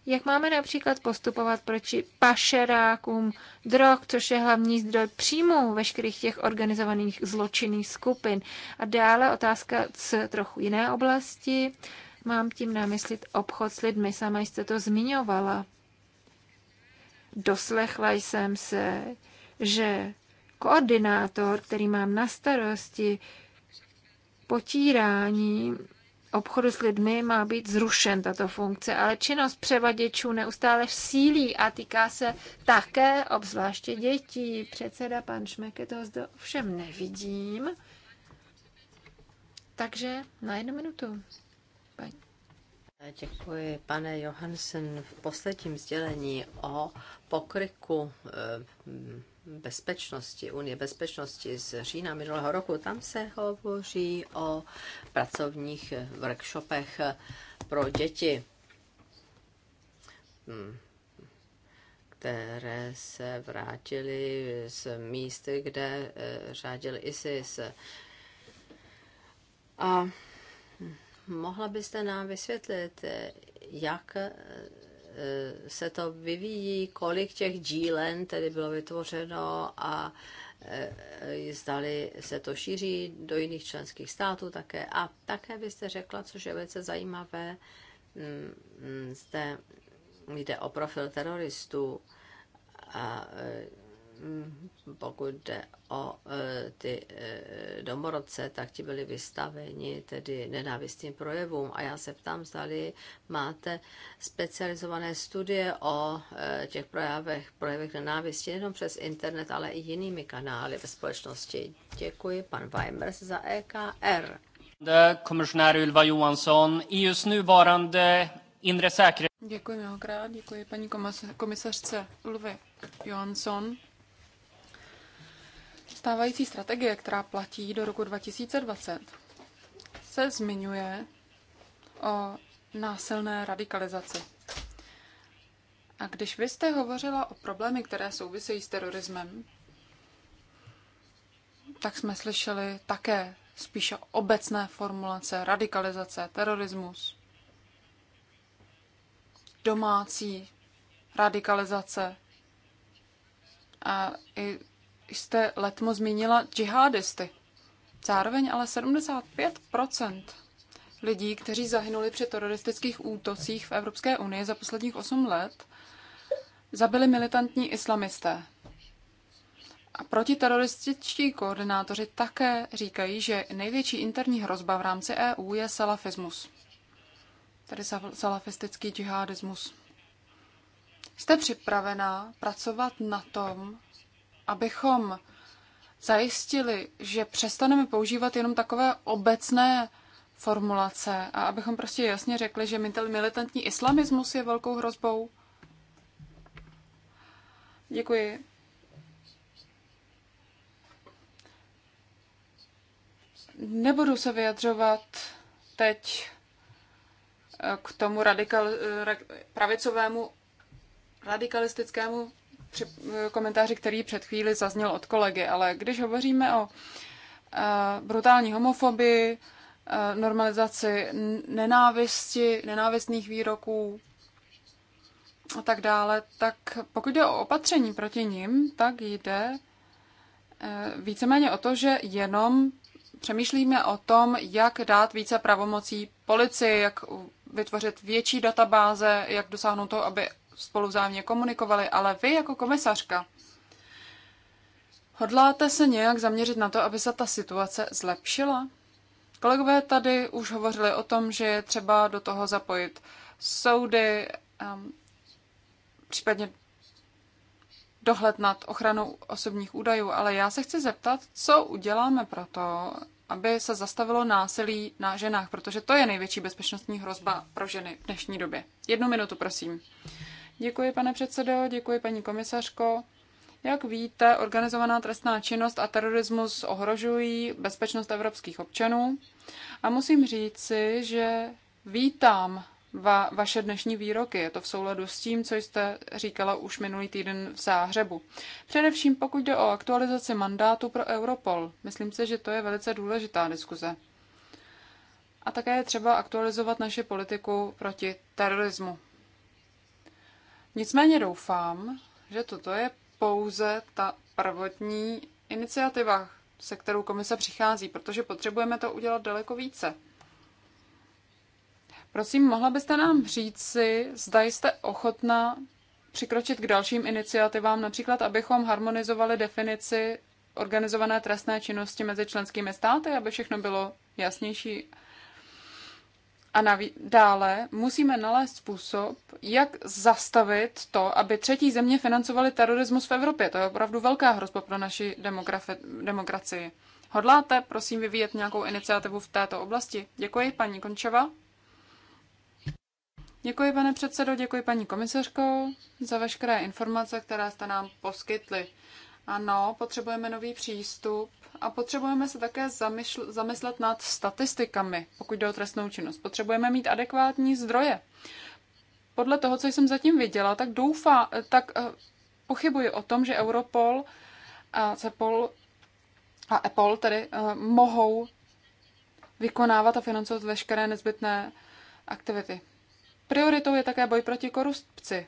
jak máme například postupovat proti pašerákům drog, což je hlavní zdroj příjmu veškerých těch organizovaných zločinných skupin. A dále otázka z trochu jiné oblasti. Mám tím na mysli obchod s lidmi, sama jste to zmiňovala. Doslechla jsem se, že koordinátor, který mám na starosti potírání obchodu s lidmi má být zrušen tato funkce, ale činnost převaděčů neustále sílí a týká se také obzvláště dětí. Předseda pan Šmeke toho zde ovšem nevidím. Takže na jednu minutu. Paní. Děkuji, pane Johansen. V posledním sdělení o pokryku eh, bezpečnosti, Unie bezpečnosti z října minulého roku, tam se hovoří o pracovních workshopech pro děti, hm, které se vrátily z míst, kde eh, řádil ISIS. A hm, mohla byste nám vysvětlit, jak Eh, se to vyvíjí, kolik těch dílen tedy bylo vytvořeno a eh, zdali se to šíří do jiných členských států také. A také byste řekla, což je velice zajímavé, mm, mm, zde jde o profil teroristů a eh, Mm, pokud jde o e, ty e, domorodce, tak ti byli vystaveni tedy nenávistným projevům. A já se ptám, zdali máte specializované studie o e, těch projevech, projevech nenávisti nejenom přes internet, ale i jinými kanály ve společnosti. Děkuji, pan Weimers za EKR. Komisionář Ylva Johansson, EUs nuvarande inre Děkuji mnohokrát, děkuji paní komisařce Ulvi Johansson Stávající strategie, která platí do roku 2020, se zmiňuje o násilné radikalizaci. A když vy jste hovořila o problémy, které souvisejí s terorismem, tak jsme slyšeli také spíše obecné formulace radikalizace, terorismus, domácí radikalizace a i jste letmo zmínila džihadisty. Zároveň ale 75 lidí, kteří zahynuli při teroristických útocích v Evropské unii za posledních 8 let, zabili militantní islamisté. A protiterorističtí koordinátoři také říkají, že největší interní hrozba v rámci EU je salafismus, tedy salafistický džihadismus. Jste připravená pracovat na tom, abychom zajistili, že přestaneme používat jenom takové obecné formulace a abychom prostě jasně řekli, že militantní islamismus je velkou hrozbou? Děkuji. Nebudu se vyjadřovat teď eh, k tomu radikal, eh, pravicovému radikalistickému Eh, komentáři, který před chvíli zazněl od kolegy, ale když hovoříme o eh, brutální homofobii, eh, normalizaci nenávisti, nenávistných výroků a tak dále, tak pokud jde o opatření proti nim, tak jde víceméně o to, že jenom přemýšlíme o tom, jak dát více pravomocí policii, jak vytvořit větší databáze, jak dosáhnout toho, aby spolu vzájemně komunikovali, ale vy jako komisařka hodláte se nějak zaměřit na to, aby se ta situace zlepšila? Kolegové tady už hovořili o tom, že je třeba do toho zapojit soudy, ehm, případně dohled nad ochranou osobních údajů, ale já se chci zeptat, co uděláme pro to, aby se zastavilo násilí na ženách, protože to je největší bezpečnostní hrozba pro ženy v dnešní době. Jednu minutu, prosím. Děkuji, pane předsedo, děkuji, paní komisařko. Jak víte, organizovaná trestná činnost a terorismus ohrožují bezpečnost evropských občanů. A musím říci, že vítám va- vaše dnešní výroky. Je to v souladu s tím, co jste říkala už minulý týden v Záhřebu. Především pokud jde o aktualizaci mandátu pro Europol. Myslím si, že to je velice důležitá diskuze. A také je třeba aktualizovat naši politiku proti terorismu. Nicméně doufám, že toto je pouze ta prvotní iniciativa, se kterou komise přichází, protože potřebujeme to udělat daleko více. Prosím, mohla byste nám říct si, zda jste ochotná přikročit k dalším iniciativám, například abychom harmonizovali definici organizované trestné činnosti mezi členskými státy, aby všechno bylo jasnější a naví- dále musíme nalézt způsob, jak zastavit to, aby třetí země financovaly terorismus v Evropě. To je opravdu velká hrozba pro naši demokracii. Hodláte, prosím, vyvíjet nějakou iniciativu v této oblasti? Děkuji, paní Končeva. Děkuji, pane předsedo, děkuji paní komisařko za veškeré informace, které jste nám poskytli. Ano, potřebujeme nový přístup a potřebujeme se také zamysl- zamyslet nad statistikami, pokud jde o trestnou činnost. Potřebujeme mít adekvátní zdroje. Podle toho, co jsem zatím viděla, tak doufá, tak eh, pochybuji o tom, že Europol a CEPOL a EPOL tedy eh, mohou vykonávat a financovat veškeré nezbytné aktivity. Prioritou je také boj proti korupci.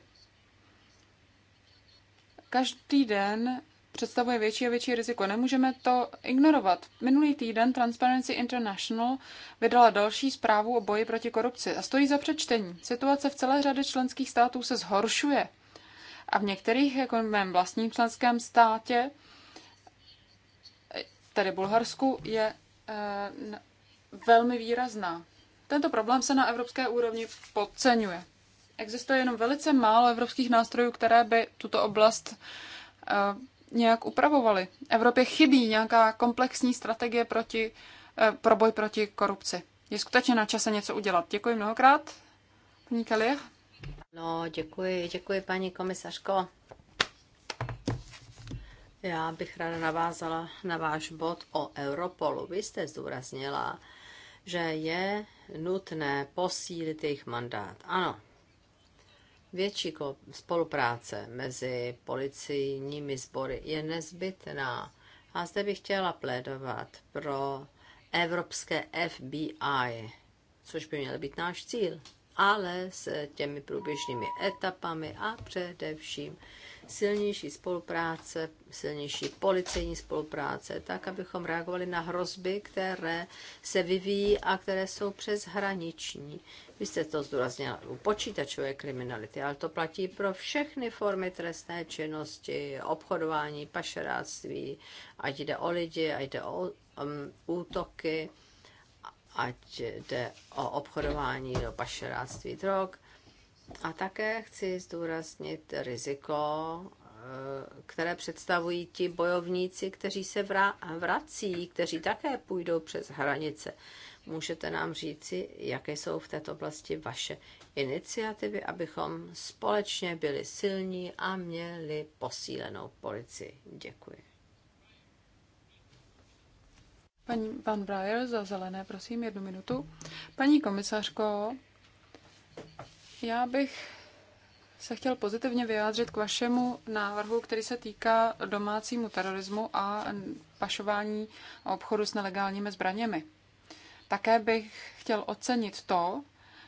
Každý den představuje větší a větší riziko. Nemůžeme to ignorovat. Minulý týden Transparency International vydala další zprávu o boji proti korupci a stojí za přečtení. Situace v celé řadě členských států se zhoršuje. A v některých, jako v mém vlastním členském státě, tedy Bulharsku, je e, velmi výrazná. Tento problém se na evropské úrovni podceňuje. Existuje jenom velice málo evropských nástrojů, které by tuto oblast e, nějak upravovali. Evropě chybí nějaká komplexní strategie proti, eh, pro boj proti korupci. Je skutečně na čase něco udělat. Děkuji mnohokrát, paní Kalich. No, děkuji, děkuji, paní komisařko. Já bych ráda navázala na váš bod o Europolu. Vy jste zdůraznila, že je nutné posílit jejich mandát. Ano, Větší spolupráce mezi policijními sbory je nezbytná. A zde bych chtěla plédovat pro evropské FBI, což by měl být náš cíl, ale s těmi průběžnými etapami a především silnější spolupráce, silnější policejní spolupráce, tak, abychom reagovali na hrozby, které se vyvíjí a které jsou přeshraniční. Vy jste to zdůraznila u počítačové kriminality, ale to platí pro všechny formy trestné činnosti, obchodování, pašeráctví, ať jde o lidi, ať jde o um, útoky, ať jde o obchodování do pašeráctví drog – a také chci zdůraznit riziko, eh, které představují ti bojovníci, kteří se vrací, kteří také půjdou přes hranice. Můžete nám říci, jaké jsou v této oblasti vaše iniciativy, abychom společně byli silní a měli posílenou policii. Děkuji. Paní, pan Breyer za zelené, prosím, jednu minutu. Paní komisařko, já bych se chtěl pozitivně vyjádřit k vašemu návrhu, který se týká domácímu terorismu a pašování a obchodu s nelegálními zbraněmi. Také bych chtěl ocenit to,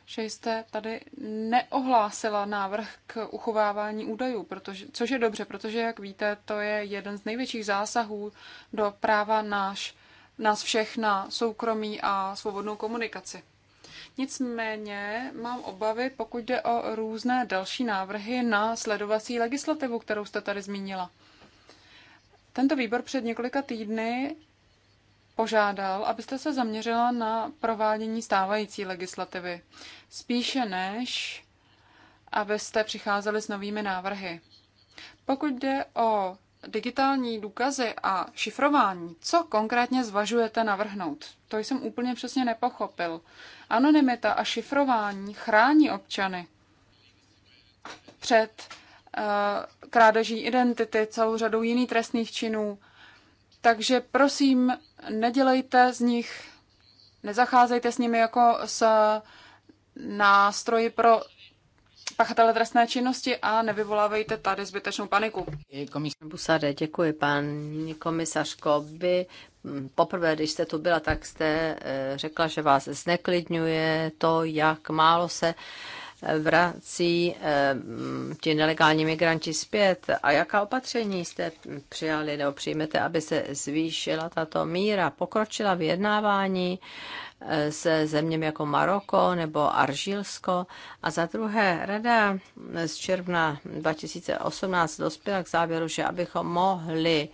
že jste tady neohlásila návrh k uchovávání údajů, protože, což je dobře, protože, jak víte, to je jeden z největších zásahů do práva náš, nás všech na soukromí a svobodnou komunikaci. Nicméně mám obavy, pokud jde o různé další návrhy na sledovací legislativu, kterou jste tady zmínila. Tento výbor před několika týdny požádal, abyste se zaměřila na provádění stávající legislativy, spíše než abyste přicházeli s novými návrhy. Pokud jde o digitální důkazy a šifrování, co konkrétně zvažujete navrhnout? To jsem úplně přesně nepochopil. Anonymita a šifrování chrání občany před eh, krádeží identity, celou řadou jiných trestných činů. Takže prosím, nedělejte z nich, nezacházejte s nimi jako s nástroji pro pachatele trestné činnosti a nevyvolávejte tady zbytečnou paniku. děkuji, pan komisařko. Vy Poprvé, když jste tu byla, tak jste eh, řekla, že vás zneklidňuje to, jak málo se eh, vrací eh, ti nelegální migranti zpět a jaká opatření jste přijali nebo přijmete, aby se zvýšila tato míra, pokročila vyjednávání se zeměmi jako Maroko nebo Aržilsko. A za druhé, rada z června 2018 dospěla k závěru, že abychom mohli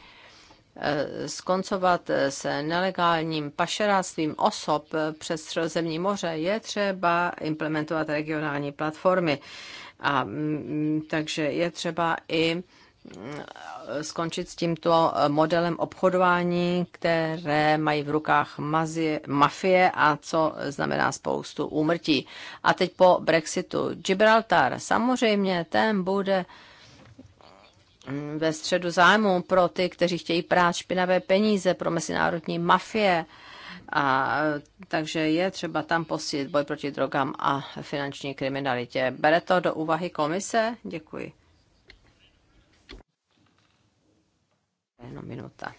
Eh, skoncovat eh, s nelegálním pašeráctvím osob eh, přes Středozemní moře, je třeba implementovat regionální platformy. A, mm, mm, takže je třeba i mm, skončit s tímto modelem obchodování, které mají v rukách mazie, mafie a co znamená spoustu úmrtí. A teď po Brexitu. Gibraltar, samozřejmě ten bude uh, Mm, ve středu zájmu pro ty, kteří chtějí prát špinavé peníze pro mezinárodní mafie. A, takže je třeba tam posílit boj proti drogám a finanční kriminalitě. Bere to do úvahy komise? Děkuji. Jenom minuta.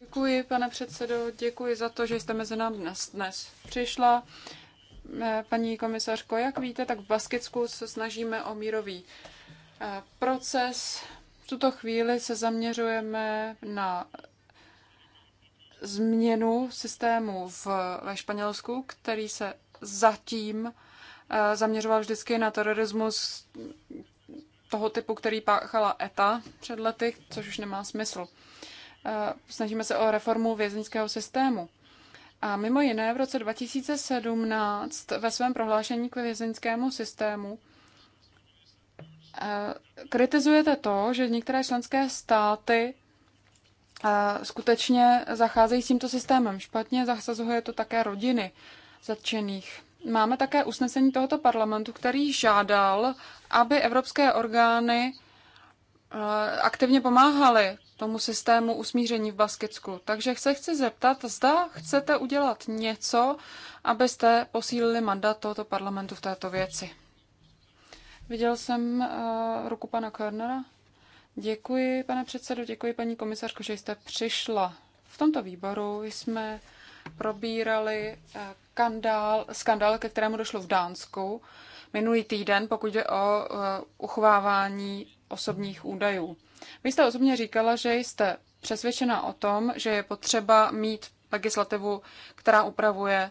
Děkuji, pane předsedo, děkuji za to, že jste mezi námi dnes, dnes přišla. Eh, paní komisařko, jak víte, tak v Baskicku se snažíme o mírový eh, proces. V tuto chvíli se zaměřujeme na změnu systému v, ve Španělsku, který se zatím eh, zaměřoval vždycky na terorismus toho typu, který páchala ETA před lety, což už nemá smysl. Snažíme se o reformu vězeňského systému. A mimo jiné v roce 2017 ve svém prohlášení k vězeňskému systému eh, kritizujete to, že některé členské státy eh, skutečně zacházejí s tímto systémem špatně, zasazuje to také rodiny zatčených. Máme také usnesení tohoto parlamentu, který žádal, aby evropské orgány eh, aktivně pomáhaly tomu systému usmíření v Baskicku. Takže se chci zeptat, zda chcete udělat něco, abyste posílili mandát tohoto parlamentu v této věci. Viděl jsem uh, ruku pana Körnera. Děkuji, pane předsedo, děkuji, paní komisařko, že jste přišla. V tomto výboru jsme probírali eh, skandál, skandál, ke kterému došlo v Dánsku minulý týden, pokud jde o eh, uchovávání osobních údajů. Vy jste osobně říkala, že jste přesvědčena o tom, že je potřeba mít legislativu, která upravuje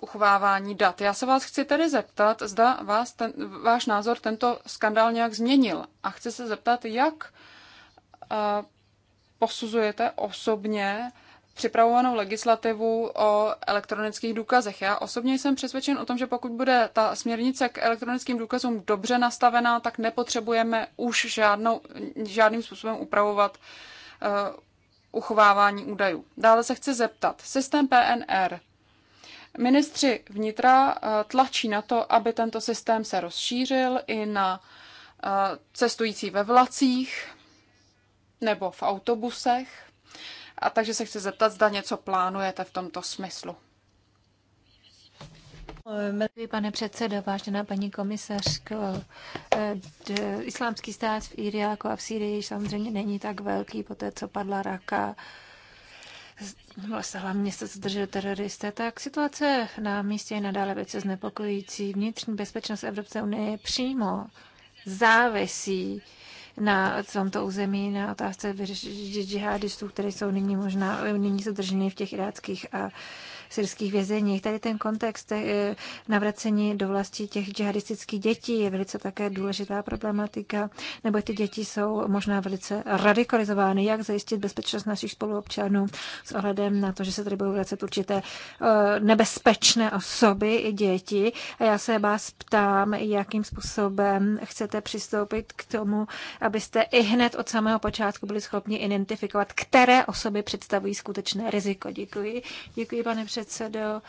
uchovávání dat. Já se vás chci tedy zeptat, zda vás ten, váš názor tento skandál nějak změnil. A chci se zeptat, jak uh, posuzujete osobně připravovanou legislativu o elektronických důkazech. Já osobně jsem přesvědčen o tom, že pokud bude ta směrnice k elektronickým důkazům dobře nastavená, tak nepotřebujeme už žádnou, žádným způsobem upravovat uh, uchovávání údajů. Dále se chci zeptat. Systém PNR. Ministři vnitra eh, tlačí na to, aby tento systém se rozšířil i na eh, cestující ve vlacích nebo v autobusech. A takže se chci zeptat, zda něco plánujete v tomto smyslu. Děkuji, pane předsedo, vážená paní komisařko. Eh, islámský stát v Iráku a v Sýrii samozřejmě není tak velký po té, co padla Raka vlastně hlavně se zdržel teroristé, tak situace na místě je nadále velice znepokojící. Vnitřní bezpečnost Evropské unie je přímo závisí na tomto území, na otázce džihadistů, které jsou nyní možná, nyní zadrženy v těch iráckých a syrských vězeních. Tady ten kontext e, navracení do vlasti těch džihadistických dětí je velice také důležitá problematika, nebo ty děti jsou možná velice radikalizovány. Jak zajistit bezpečnost našich spoluobčanů s ohledem na to, že se tady budou vracet určité e, nebezpečné osoby i děti. A já se vás ptám, jakým způsobem chcete přistoupit k tomu, abyste i hned od samého počátku byli schopni identifikovat, které osoby představují skutečné riziko. Děkuji. Děkuji, pane předsedo předsedo.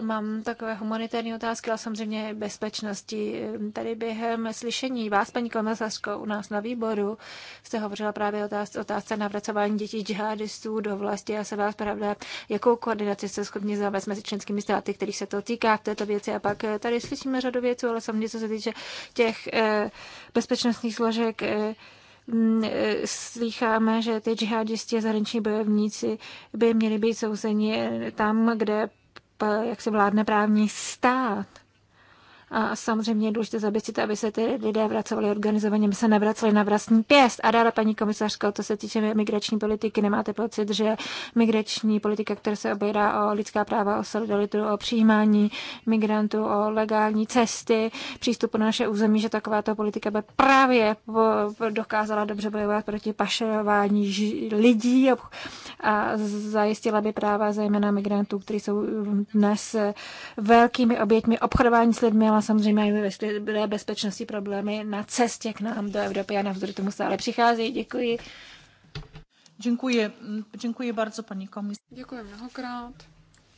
Mám takové humanitární otázky, ale samozřejmě bezpečnosti. Eh, tady během slyšení vás, paní komisařko, u nás na výboru jste hovořila právě o otázce, otázce navracování dětí džihadistů do vlasti. Já se vás pravda, jakou koordinaci jste schopni zavést mezi členskými státy, kterých se to týká v této věci. A pak eh, tady slyšíme řadu věcí, ale samozřejmě co se týče těch eh, bezpečnostních složek, Mm, e, Slycháme, že ty džihadisti a zahraniční bojovníci by měli být souzeni tam, kde jak se vládne právní stát. A samozřejmě je důležité zajistit, aby se ty lidé vracovali organizovaně, aby se nevraceli na vlastní pěst. A dále, paní komisařko, to se týče migrační politiky, nemáte pocit, že migrační politika, která se obírá o lidská práva, o solidaritu, o přijímání migrantů, o legální cesty, přístupu na naše území, že takováto politika by právě dokázala dobře bojovat proti pašování lidí a zajistila by práva zejména migrantů, kteří jsou dnes velkými oběťmi obchodování s lidmi, a samozřejmě i veškeré bezpečnostní problémy na cestě k nám do Evropy a navzdory tomu stále přicházejí. Děkuji. Děkuji. Děkuji bardzo, paní komisařko. Děkuji mnohokrát.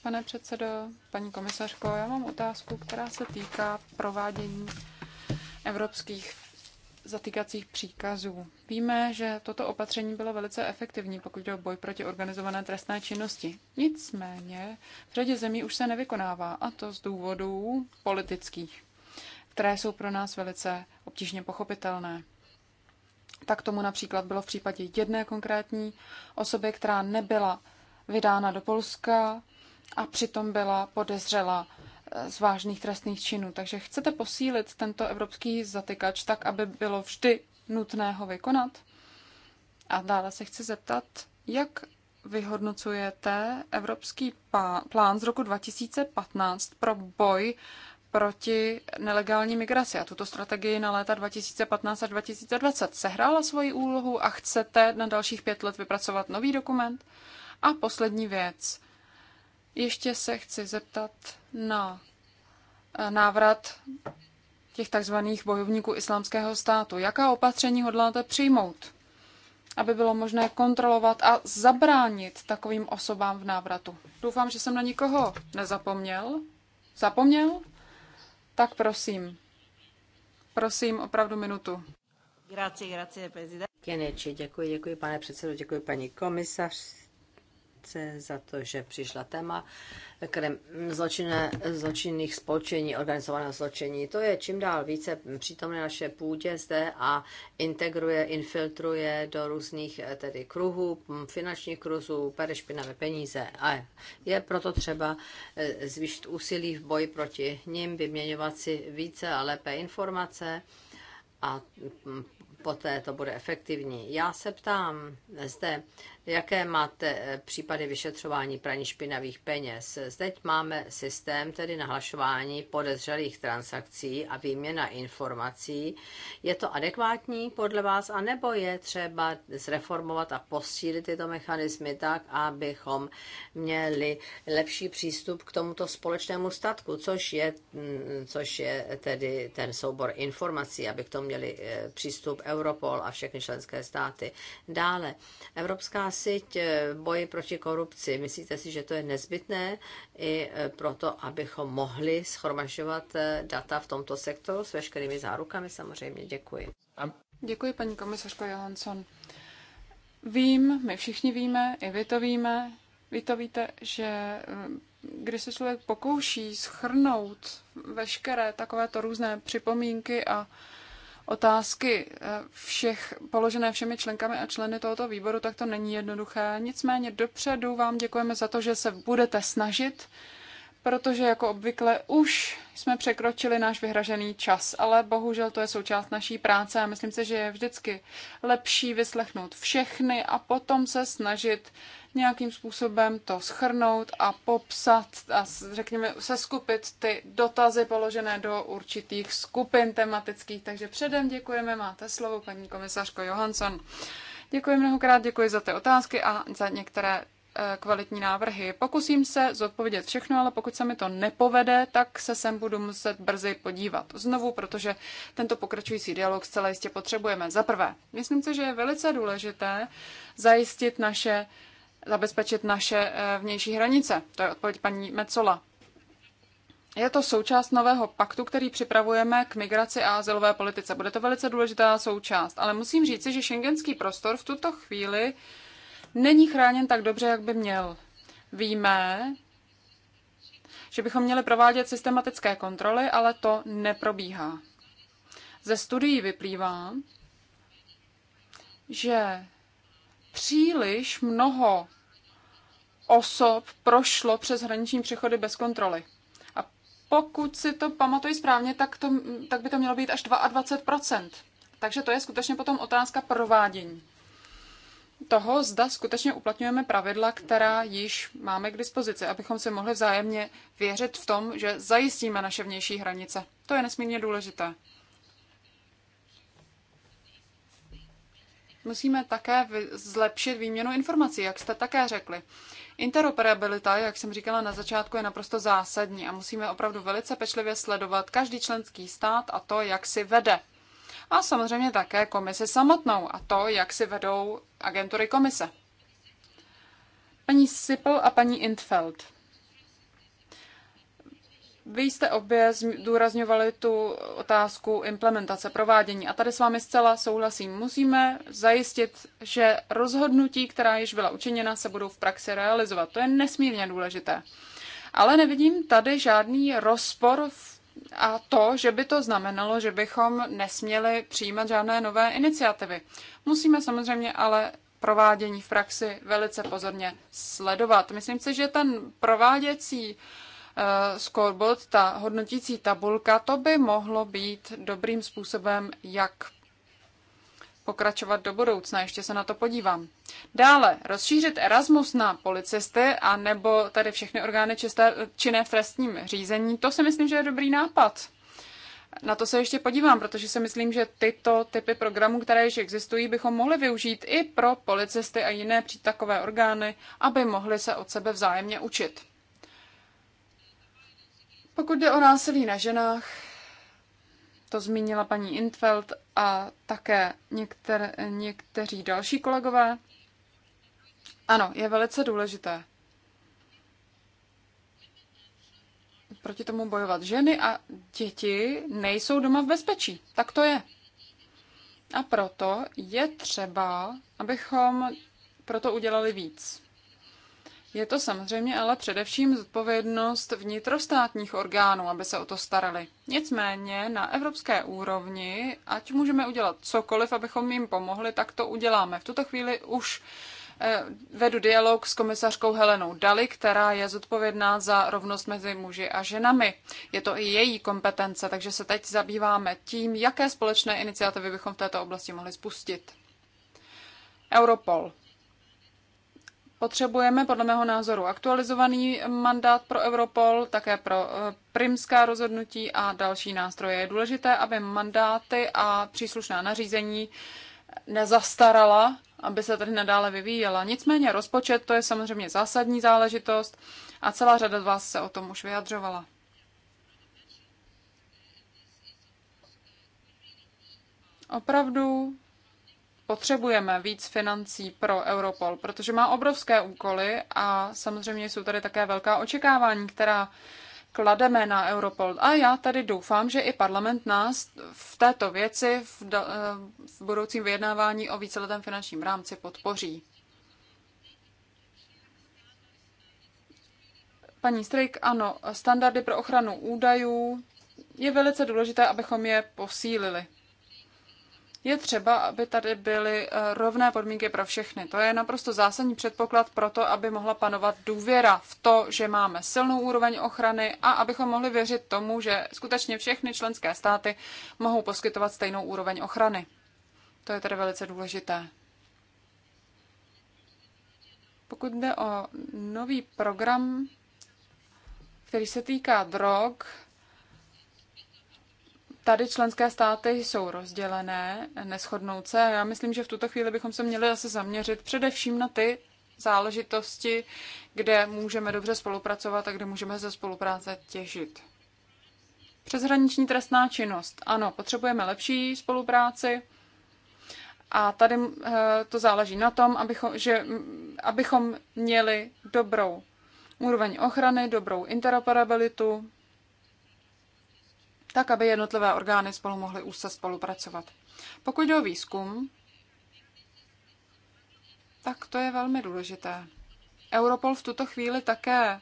Pane předsedo, paní komisařko, já mám otázku, která se týká provádění evropských zatýkacích příkazů. Víme, že toto opatření bylo velice efektivní, pokud jde o boj proti organizované trestné činnosti. Nicméně v řadě zemí už se nevykonává, a to z důvodů politických, které jsou pro nás velice obtížně pochopitelné. Tak tomu například bylo v případě jedné konkrétní osoby, která nebyla vydána do Polska a přitom byla podezřela z vážných trestných činů. Takže chcete posílit tento evropský zatykač tak, aby bylo vždy nutné ho vykonat? A dále se chci zeptat, jak vyhodnocujete evropský plán z roku 2015 pro boj proti nelegální migraci a tuto strategii na léta 2015 až 2020 sehrála svoji úlohu a chcete na dalších pět let vypracovat nový dokument? A poslední věc. Ještě se chci zeptat na eh, návrat těch takzvaných bojovníků islámského státu. Jaká opatření hodláte přijmout, aby bylo možné kontrolovat a zabránit takovým osobám v návratu? Doufám, že jsem na nikoho nezapomněl. Zapomněl? Tak prosím. Prosím, opravdu minutu. Grazie, grazie, prezident. děkuji, děkuji, pane předsedo, děkuji, paní komisař zpravodajce za to, že přišla téma krem, zločinné, zločinných spolčení, organizovaného zločení. To je čím dál více přítomné na naše půdě zde a integruje, infiltruje do různých eh, tedy kruhů, finančních kruhů, pere špinavé peníze. A je proto třeba eh, zvýšit úsilí v boji proti nim, vyměňovat si více a lépe informace a poté to bude efektivní. Já se ptám zde, jaké máte eh, případy vyšetřování praní špinavých peněz. Zde máme systém tedy nahlašování podezřelých transakcí a výměna informací. Je to adekvátní podle vás, anebo je třeba zreformovat a posílit tyto mechanismy tak, abychom měli lepší přístup k tomuto společnému statku, což je, mm, což je tedy ten soubor informací, aby k tomu měli eh, přístup Europol a všechny členské státy. Dále, Evropská vyhlásit eh, boji proti korupci. Myslíte si, že to je nezbytné i eh, proto, abychom mohli schromažovat eh, data v tomto sektoru s veškerými zárukami? Samozřejmě děkuji. Děkuji, paní komisařko Johansson. Vím, my všichni víme, i vy to víme, vy to víte, že když se člověk pokouší schrnout veškeré takovéto různé připomínky a otázky eh, všech, položené všemi členkami a členy tohoto výboru, tak to není jednoduché. Nicméně dopředu vám děkujeme za to, že se budete snažit protože jako obvykle už jsme překročili náš vyhražený čas, ale bohužel to je součást naší práce a myslím si, že je vždycky lepší vyslechnout všechny a potom se snažit nějakým způsobem to schrnout a popsat a řekněme seskupit ty dotazy položené do určitých skupin tematických. Takže předem děkujeme, máte slovo paní komisařko Johansson. Děkuji mnohokrát, děkuji za ty otázky a za některé Eh, kvalitní návrhy. Pokusím se zodpovědět všechno, ale pokud se mi to nepovede, tak se sem budu muset brzy podívat znovu, protože tento pokračující dialog zcela jistě potřebujeme. Za prvé, myslím si, že je velice důležité zajistit naše, zabezpečit naše eh, vnější hranice. To je odpověď paní Mecola. Je to součást nového paktu, který připravujeme k migraci a azylové politice. Bude to velice důležitá součást, ale musím říci, že šengenský prostor v tuto chvíli není chráněn tak dobře, jak by měl. Víme, že bychom měli provádět systematické kontroly, ale to neprobíhá. Ze studií vyplývá, že příliš mnoho osob prošlo přes hraniční přechody bez kontroly. A pokud si to pamatuji správně, tak, to, tak by to mělo být až 22%. Takže to je skutečně potom otázka provádění toho, zda skutečně uplatňujeme pravidla, která již máme k dispozici, abychom si mohli vzájemně věřit v tom, že zajistíme naše vnější hranice. To je nesmírně důležité. Musíme také zlepšit výměnu informací, jak jste také řekli. Interoperabilita, jak jsem říkala na začátku, je naprosto zásadní a musíme opravdu velice pečlivě sledovat každý členský stát a to, jak si vede a samozřejmě také komisi samotnou a to, jak si vedou agentury komise. Paní Sipl a paní Intfeld. Vy jste obě zdůrazňovali tu otázku implementace, provádění. A tady s vámi zcela souhlasím. Musíme zajistit, že rozhodnutí, která již byla učiněna, se budou v praxi realizovat. To je nesmírně důležité. Ale nevidím tady žádný rozpor v a to, že by to znamenalo, že bychom nesměli přijímat žádné nové iniciativy. Musíme samozřejmě ale provádění v praxi velice pozorně sledovat. Myslím si, že ten prováděcí eh, scoreboard, ta hodnotící tabulka, to by mohlo být dobrým způsobem, jak pokračovat do budoucna, ještě se na to podívám. Dále, rozšířit Erasmus na policisty a nebo tady všechny orgány čisté, činné v trestním řízení, to si myslím, že je dobrý nápad. Na to se ještě podívám, protože si myslím, že tyto typy programů, které již existují, bychom mohli využít i pro policisty a jiné přítakové orgány, aby mohli se od sebe vzájemně učit. Pokud jde o násilí na ženách, to zmínila paní Intfeld a také někter, někteří další kolegové. Ano, je velice důležité proti tomu bojovat. Ženy a děti nejsou doma v bezpečí. Tak to je. A proto je třeba, abychom proto udělali víc. Je to samozřejmě ale především zodpovědnost vnitrostátních orgánů, aby se o to starali. Nicméně na evropské úrovni, ať můžeme udělat cokoliv, abychom jim pomohli, tak to uděláme. V tuto chvíli už eh, vedu dialog s komisařkou Helenou Dali, která je zodpovědná za rovnost mezi muži a ženami. Je to i její kompetence, takže se teď zabýváme tím, jaké společné iniciativy bychom v této oblasti mohli spustit. Europol. Potřebujeme podle mého názoru aktualizovaný mandát pro Europol, také pro eh, primská rozhodnutí a další nástroje. Je důležité, aby mandáty a příslušná nařízení nezastarala, aby se tady nadále vyvíjela. Nicméně rozpočet to je samozřejmě zásadní záležitost a celá řada z vás se o tom už vyjadřovala. Opravdu potřebujeme víc financí pro Europol, protože má obrovské úkoly a samozřejmě jsou tady také velká očekávání, která klademe na Europol. A já tady doufám, že i parlament nás v této věci v, eh, v budoucím vyjednávání o víceletém finančním rámci podpoří. Paní Strejk, ano, standardy pro ochranu údajů je velice důležité, abychom je posílili je třeba, aby tady byly eh, rovné podmínky pro všechny. To je naprosto zásadní předpoklad pro to, aby mohla panovat důvěra v to, že máme silnou úroveň ochrany a abychom mohli věřit tomu, že skutečně všechny členské státy mohou poskytovat stejnou úroveň ochrany. To je tedy velice důležité. Pokud jde o nový program, který se týká drog, tady členské státy jsou rozdělené, neschodnou se. Já myslím, že v tuto chvíli bychom se měli asi zaměřit především na ty záležitosti, kde můžeme dobře spolupracovat a kde můžeme ze spolupráce těžit. Přeshraniční trestná činnost. Ano, potřebujeme lepší spolupráci. A tady eh, to záleží na tom, abychom, že, abychom měli dobrou úroveň ochrany, dobrou interoperabilitu, tak aby jednotlivé orgány spolu mohly úzce spolupracovat. Pokud jde o výzkum, tak to je velmi důležité. Europol v tuto chvíli také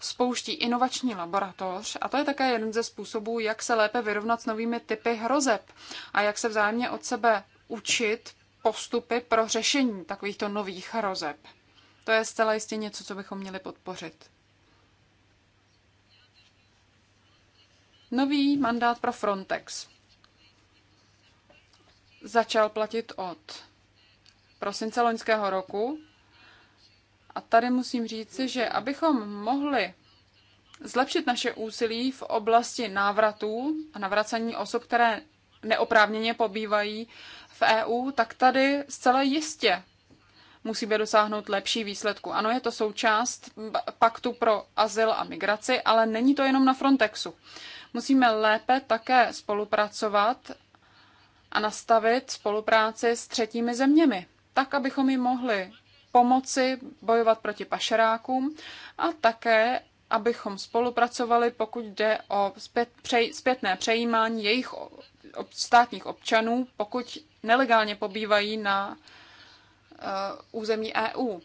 spouští inovační laboratoř a to je také jeden ze způsobů, jak se lépe vyrovnat s novými typy hrozeb a jak se vzájemně od sebe učit postupy pro řešení takovýchto nových hrozeb. To je zcela jistě něco, co bychom měli podpořit. nový mandát pro Frontex. Začal platit od prosince loňského roku. A tady musím říci, že abychom mohli zlepšit naše úsilí v oblasti návratů a navracení osob, které neoprávněně pobývají v EU, tak tady zcela jistě musíme dosáhnout lepší výsledku. Ano, je to součást paktu pro azyl a migraci, ale není to jenom na Frontexu. Musíme lépe také spolupracovat a nastavit spolupráci s třetími zeměmi, tak, abychom jim mohli pomoci bojovat proti pašerákům a také, abychom spolupracovali, pokud jde o zpět, přej, zpětné přejímání jejich státních občanů, pokud nelegálně pobývají na uh, území EU.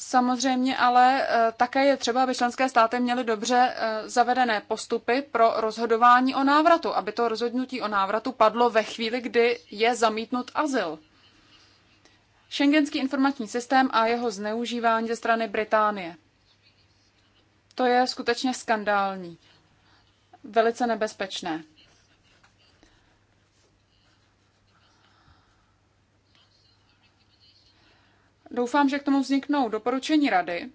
Samozřejmě ale eh, také je třeba, aby členské státy měly dobře eh, zavedené postupy pro rozhodování o návratu, aby to rozhodnutí o návratu padlo ve chvíli, kdy je zamítnut azyl. Schengenský informační systém a jeho zneužívání ze strany Británie. To je skutečně skandální, velice nebezpečné. Doufám, že k tomu vzniknou doporučení rady.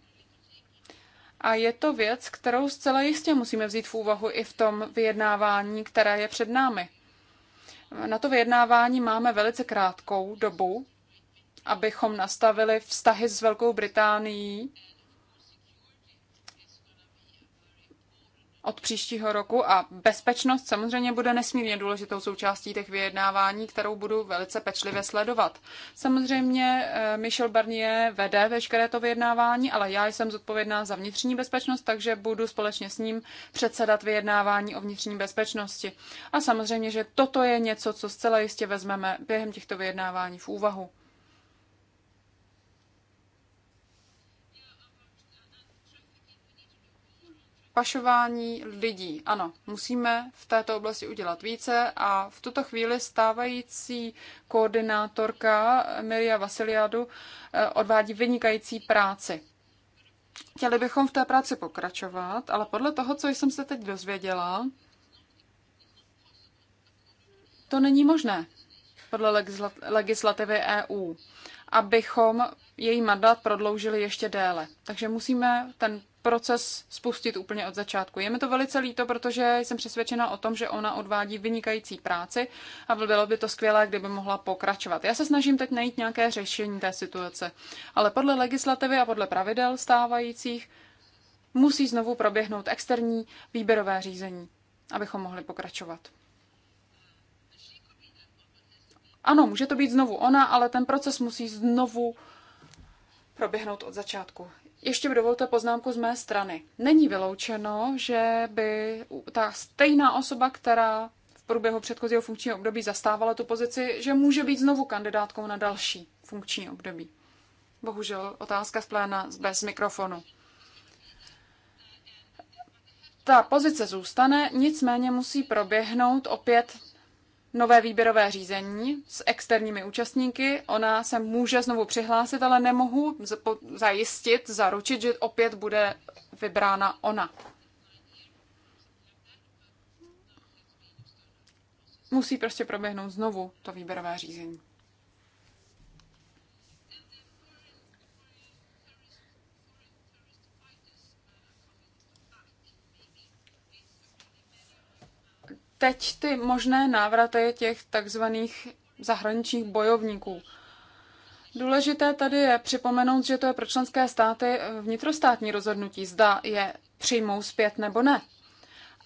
A je to věc, kterou zcela jistě musíme vzít v úvahu i v tom vyjednávání, které je před námi. Na to vyjednávání máme velice krátkou dobu, abychom nastavili vztahy s Velkou Británií od příštího roku a bezpečnost samozřejmě bude nesmírně důležitou součástí těch vyjednávání, kterou budu velice pečlivě sledovat. Samozřejmě eh, Michel Barnier vede veškeré to vyjednávání, ale já jsem zodpovědná za vnitřní bezpečnost, takže budu společně s ním předsedat vyjednávání o vnitřní bezpečnosti. A samozřejmě, že toto je něco, co zcela jistě vezmeme během těchto vyjednávání v úvahu. pašování lidí. Ano, musíme v této oblasti udělat více a v tuto chvíli stávající koordinátorka Miria Vasiliadu eh, odvádí vynikající práci. Chtěli bychom v té práci pokračovat, ale podle toho, co jsem se teď dozvěděla, to není možné podle legislativy EU, abychom její mandát prodloužili ještě déle. Takže musíme ten proces spustit úplně od začátku. Je mi to velice líto, protože jsem přesvědčena o tom, že ona odvádí vynikající práci a bylo by to skvělé, kdyby mohla pokračovat. Já se snažím teď najít nějaké řešení té situace, ale podle legislativy a podle pravidel stávajících musí znovu proběhnout externí výběrové řízení, abychom mohli pokračovat. Ano, může to být znovu ona, ale ten proces musí znovu proběhnout od začátku. Ještě mi dovolte poznámku z mé strany. Není vyloučeno, že by ta stejná osoba, která v průběhu předchozího funkčního období zastávala tu pozici, že může být znovu kandidátkou na další funkční období. Bohužel otázka z pléna bez mikrofonu. Ta pozice zůstane, nicméně musí proběhnout opět nové výběrové řízení s externími účastníky. Ona se může znovu přihlásit, ale nemohu zajistit, zaručit, že opět bude vybrána ona. Musí prostě proběhnout znovu to výběrové řízení. teď ty možné návraty těch takzvaných zahraničních bojovníků. Důležité tady je připomenout, že to je pro členské státy vnitrostátní rozhodnutí, zda je přijmou zpět nebo ne.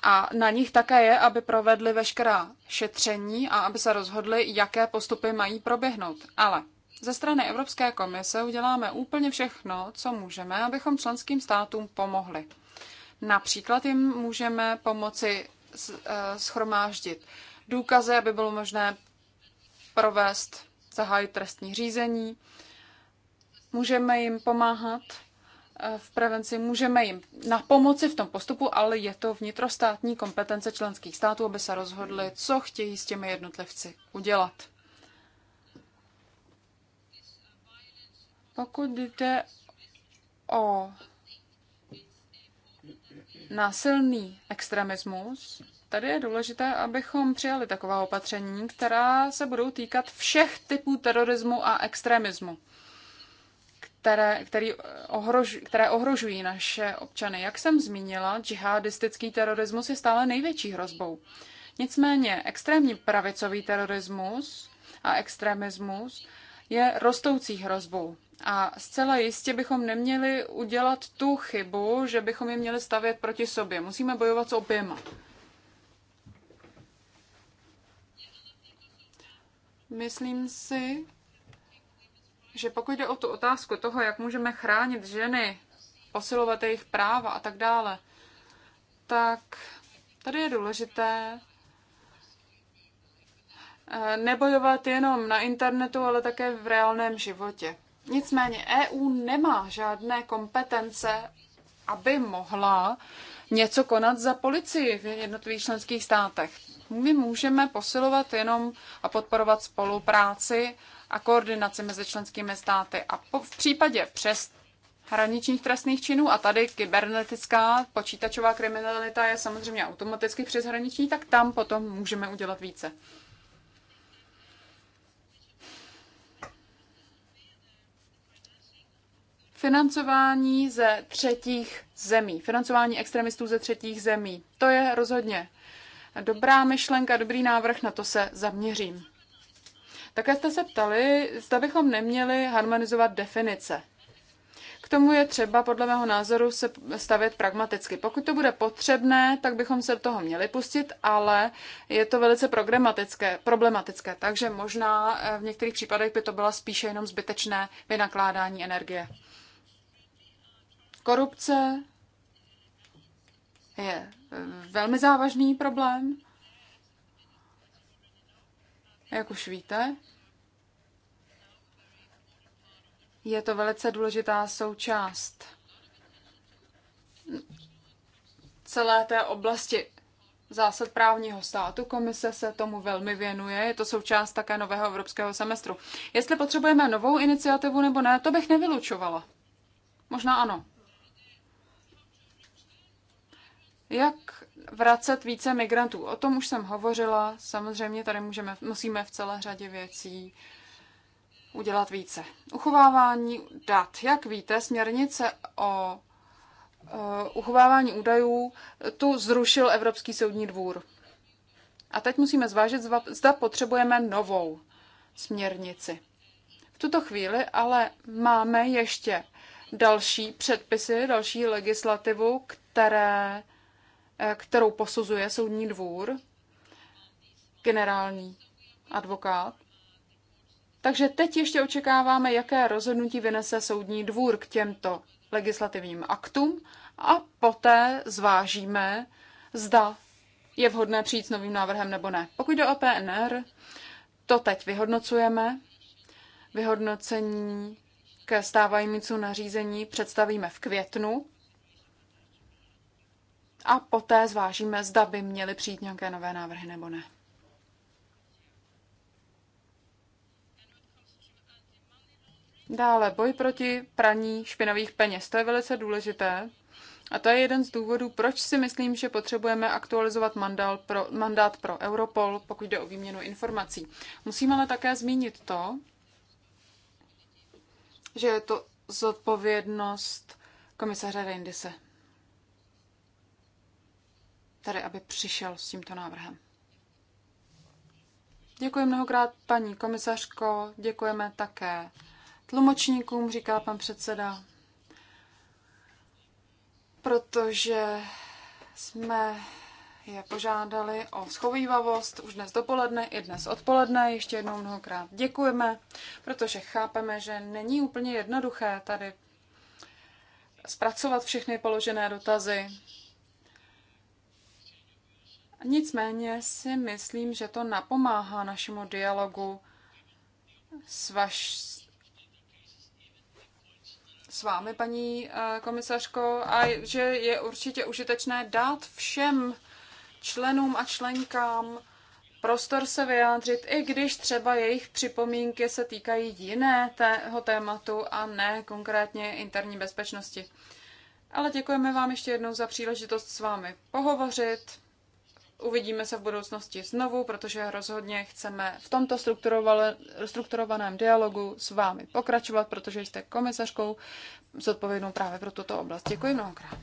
A na nich také je, aby provedli veškerá šetření a aby se rozhodli, jaké postupy mají proběhnout. Ale ze strany Evropské komise uděláme úplně všechno, co můžeme, abychom členským státům pomohli. Například jim můžeme pomoci Eh, schromáždit důkazy, aby bylo možné provést, zahájit trestní řízení. Můžeme jim pomáhat eh, v prevenci, můžeme jim na pomoci v tom postupu, ale je to vnitrostátní kompetence členských států, aby se rozhodli, co chtějí s těmi jednotlivci udělat. Pokud jde o násilný extremismus, tady je důležité, abychom přijali taková opatření, která se budou týkat všech typů terorismu a extremismu, které, který ohrož, které ohrožují naše občany. Jak jsem zmínila, džihadistický terorismus je stále největší hrozbou. Nicméně extrémní pravicový terorismus a extremismus je rostoucí hrozbou. A zcela jistě bychom neměli udělat tu chybu, že bychom je měli stavět proti sobě. Musíme bojovat s oběma. Myslím si, že pokud jde o tu otázku toho, jak můžeme chránit ženy, posilovat jejich práva a tak dále, tak tady je důležité eh, nebojovat jenom na internetu, ale také v reálném životě. Nicméně EU nemá žádné kompetence, aby mohla něco konat za policii v jednotlivých členských státech. My můžeme posilovat jenom a podporovat spolupráci a koordinaci mezi členskými státy. A po, v případě přes hraničních trestných činů a tady kybernetická počítačová kriminalita je samozřejmě automaticky přeshraniční, tak tam potom můžeme udělat více. Financování ze třetích zemí, financování extremistů ze třetích zemí, to je rozhodně dobrá myšlenka, dobrý návrh, na to se zaměřím. Také jste se ptali, zda bychom neměli harmonizovat definice. K tomu je třeba podle mého názoru se stavět pragmaticky. Pokud to bude potřebné, tak bychom se do toho měli pustit, ale je to velice problematické, problematické takže možná eh, v některých případech by to byla spíše jenom zbytečné vynakládání energie. Korupce je eh, velmi závažný problém, jak už víte. Je to velice důležitá součást celé té oblasti zásad právního státu. Komise se tomu velmi věnuje, je to součást také nového evropského semestru. Jestli potřebujeme novou iniciativu nebo ne, to bych nevylučovala. Možná ano. Jak vracet více migrantů? O tom už jsem hovořila. Samozřejmě tady můžeme, musíme v celé řadě věcí udělat více. Uchovávání dat. Jak víte, směrnice o e, uchovávání údajů tu zrušil Evropský soudní dvůr. A teď musíme zvážit, zda potřebujeme novou směrnici. V tuto chvíli ale máme ještě další předpisy, další legislativu, které Eh, kterou posuzuje soudní dvůr, generální advokát. Takže teď ještě očekáváme, jaké rozhodnutí vynese soudní dvůr k těmto legislativním aktům a poté zvážíme, zda je vhodné přijít s novým návrhem nebo ne. Pokud jde o PNR, to teď vyhodnocujeme. Vyhodnocení ke stávajícímu nařízení představíme v květnu a poté zvážíme, zda by měly přijít nějaké nové návrhy nebo ne. Dále boj proti praní špinavých peněz. To je velice důležité. A to je jeden z důvodů, proč si myslím, že potřebujeme aktualizovat mandát pro, mandát pro Europol, pokud jde o výměnu informací. Musím ale také zmínit to, že je to zodpovědnost komisaře Reindise tedy aby přišel s tímto návrhem. Děkuji mnohokrát, paní komisařko, děkujeme také tlumočníkům, říká pan předseda, protože jsme je požádali o schovývavost už dnes dopoledne i dnes odpoledne. Ještě jednou mnohokrát děkujeme, protože chápeme, že není úplně jednoduché tady zpracovat všechny položené dotazy, Nicméně si myslím, že to napomáhá našemu dialogu s, vaš, s vámi, paní eh, komisařko, a že je určitě užitečné dát všem členům a členkám prostor se vyjádřit, i když třeba jejich připomínky se týkají jiného tématu a ne konkrétně interní bezpečnosti. Ale děkujeme vám ještě jednou za příležitost s vámi pohovořit uvidíme se v budoucnosti znovu, protože rozhodně chceme v tomto strukturovaném dialogu s vámi pokračovat, protože jste komisařkou zodpovědnou právě pro tuto oblast. Děkuji mnohokrát.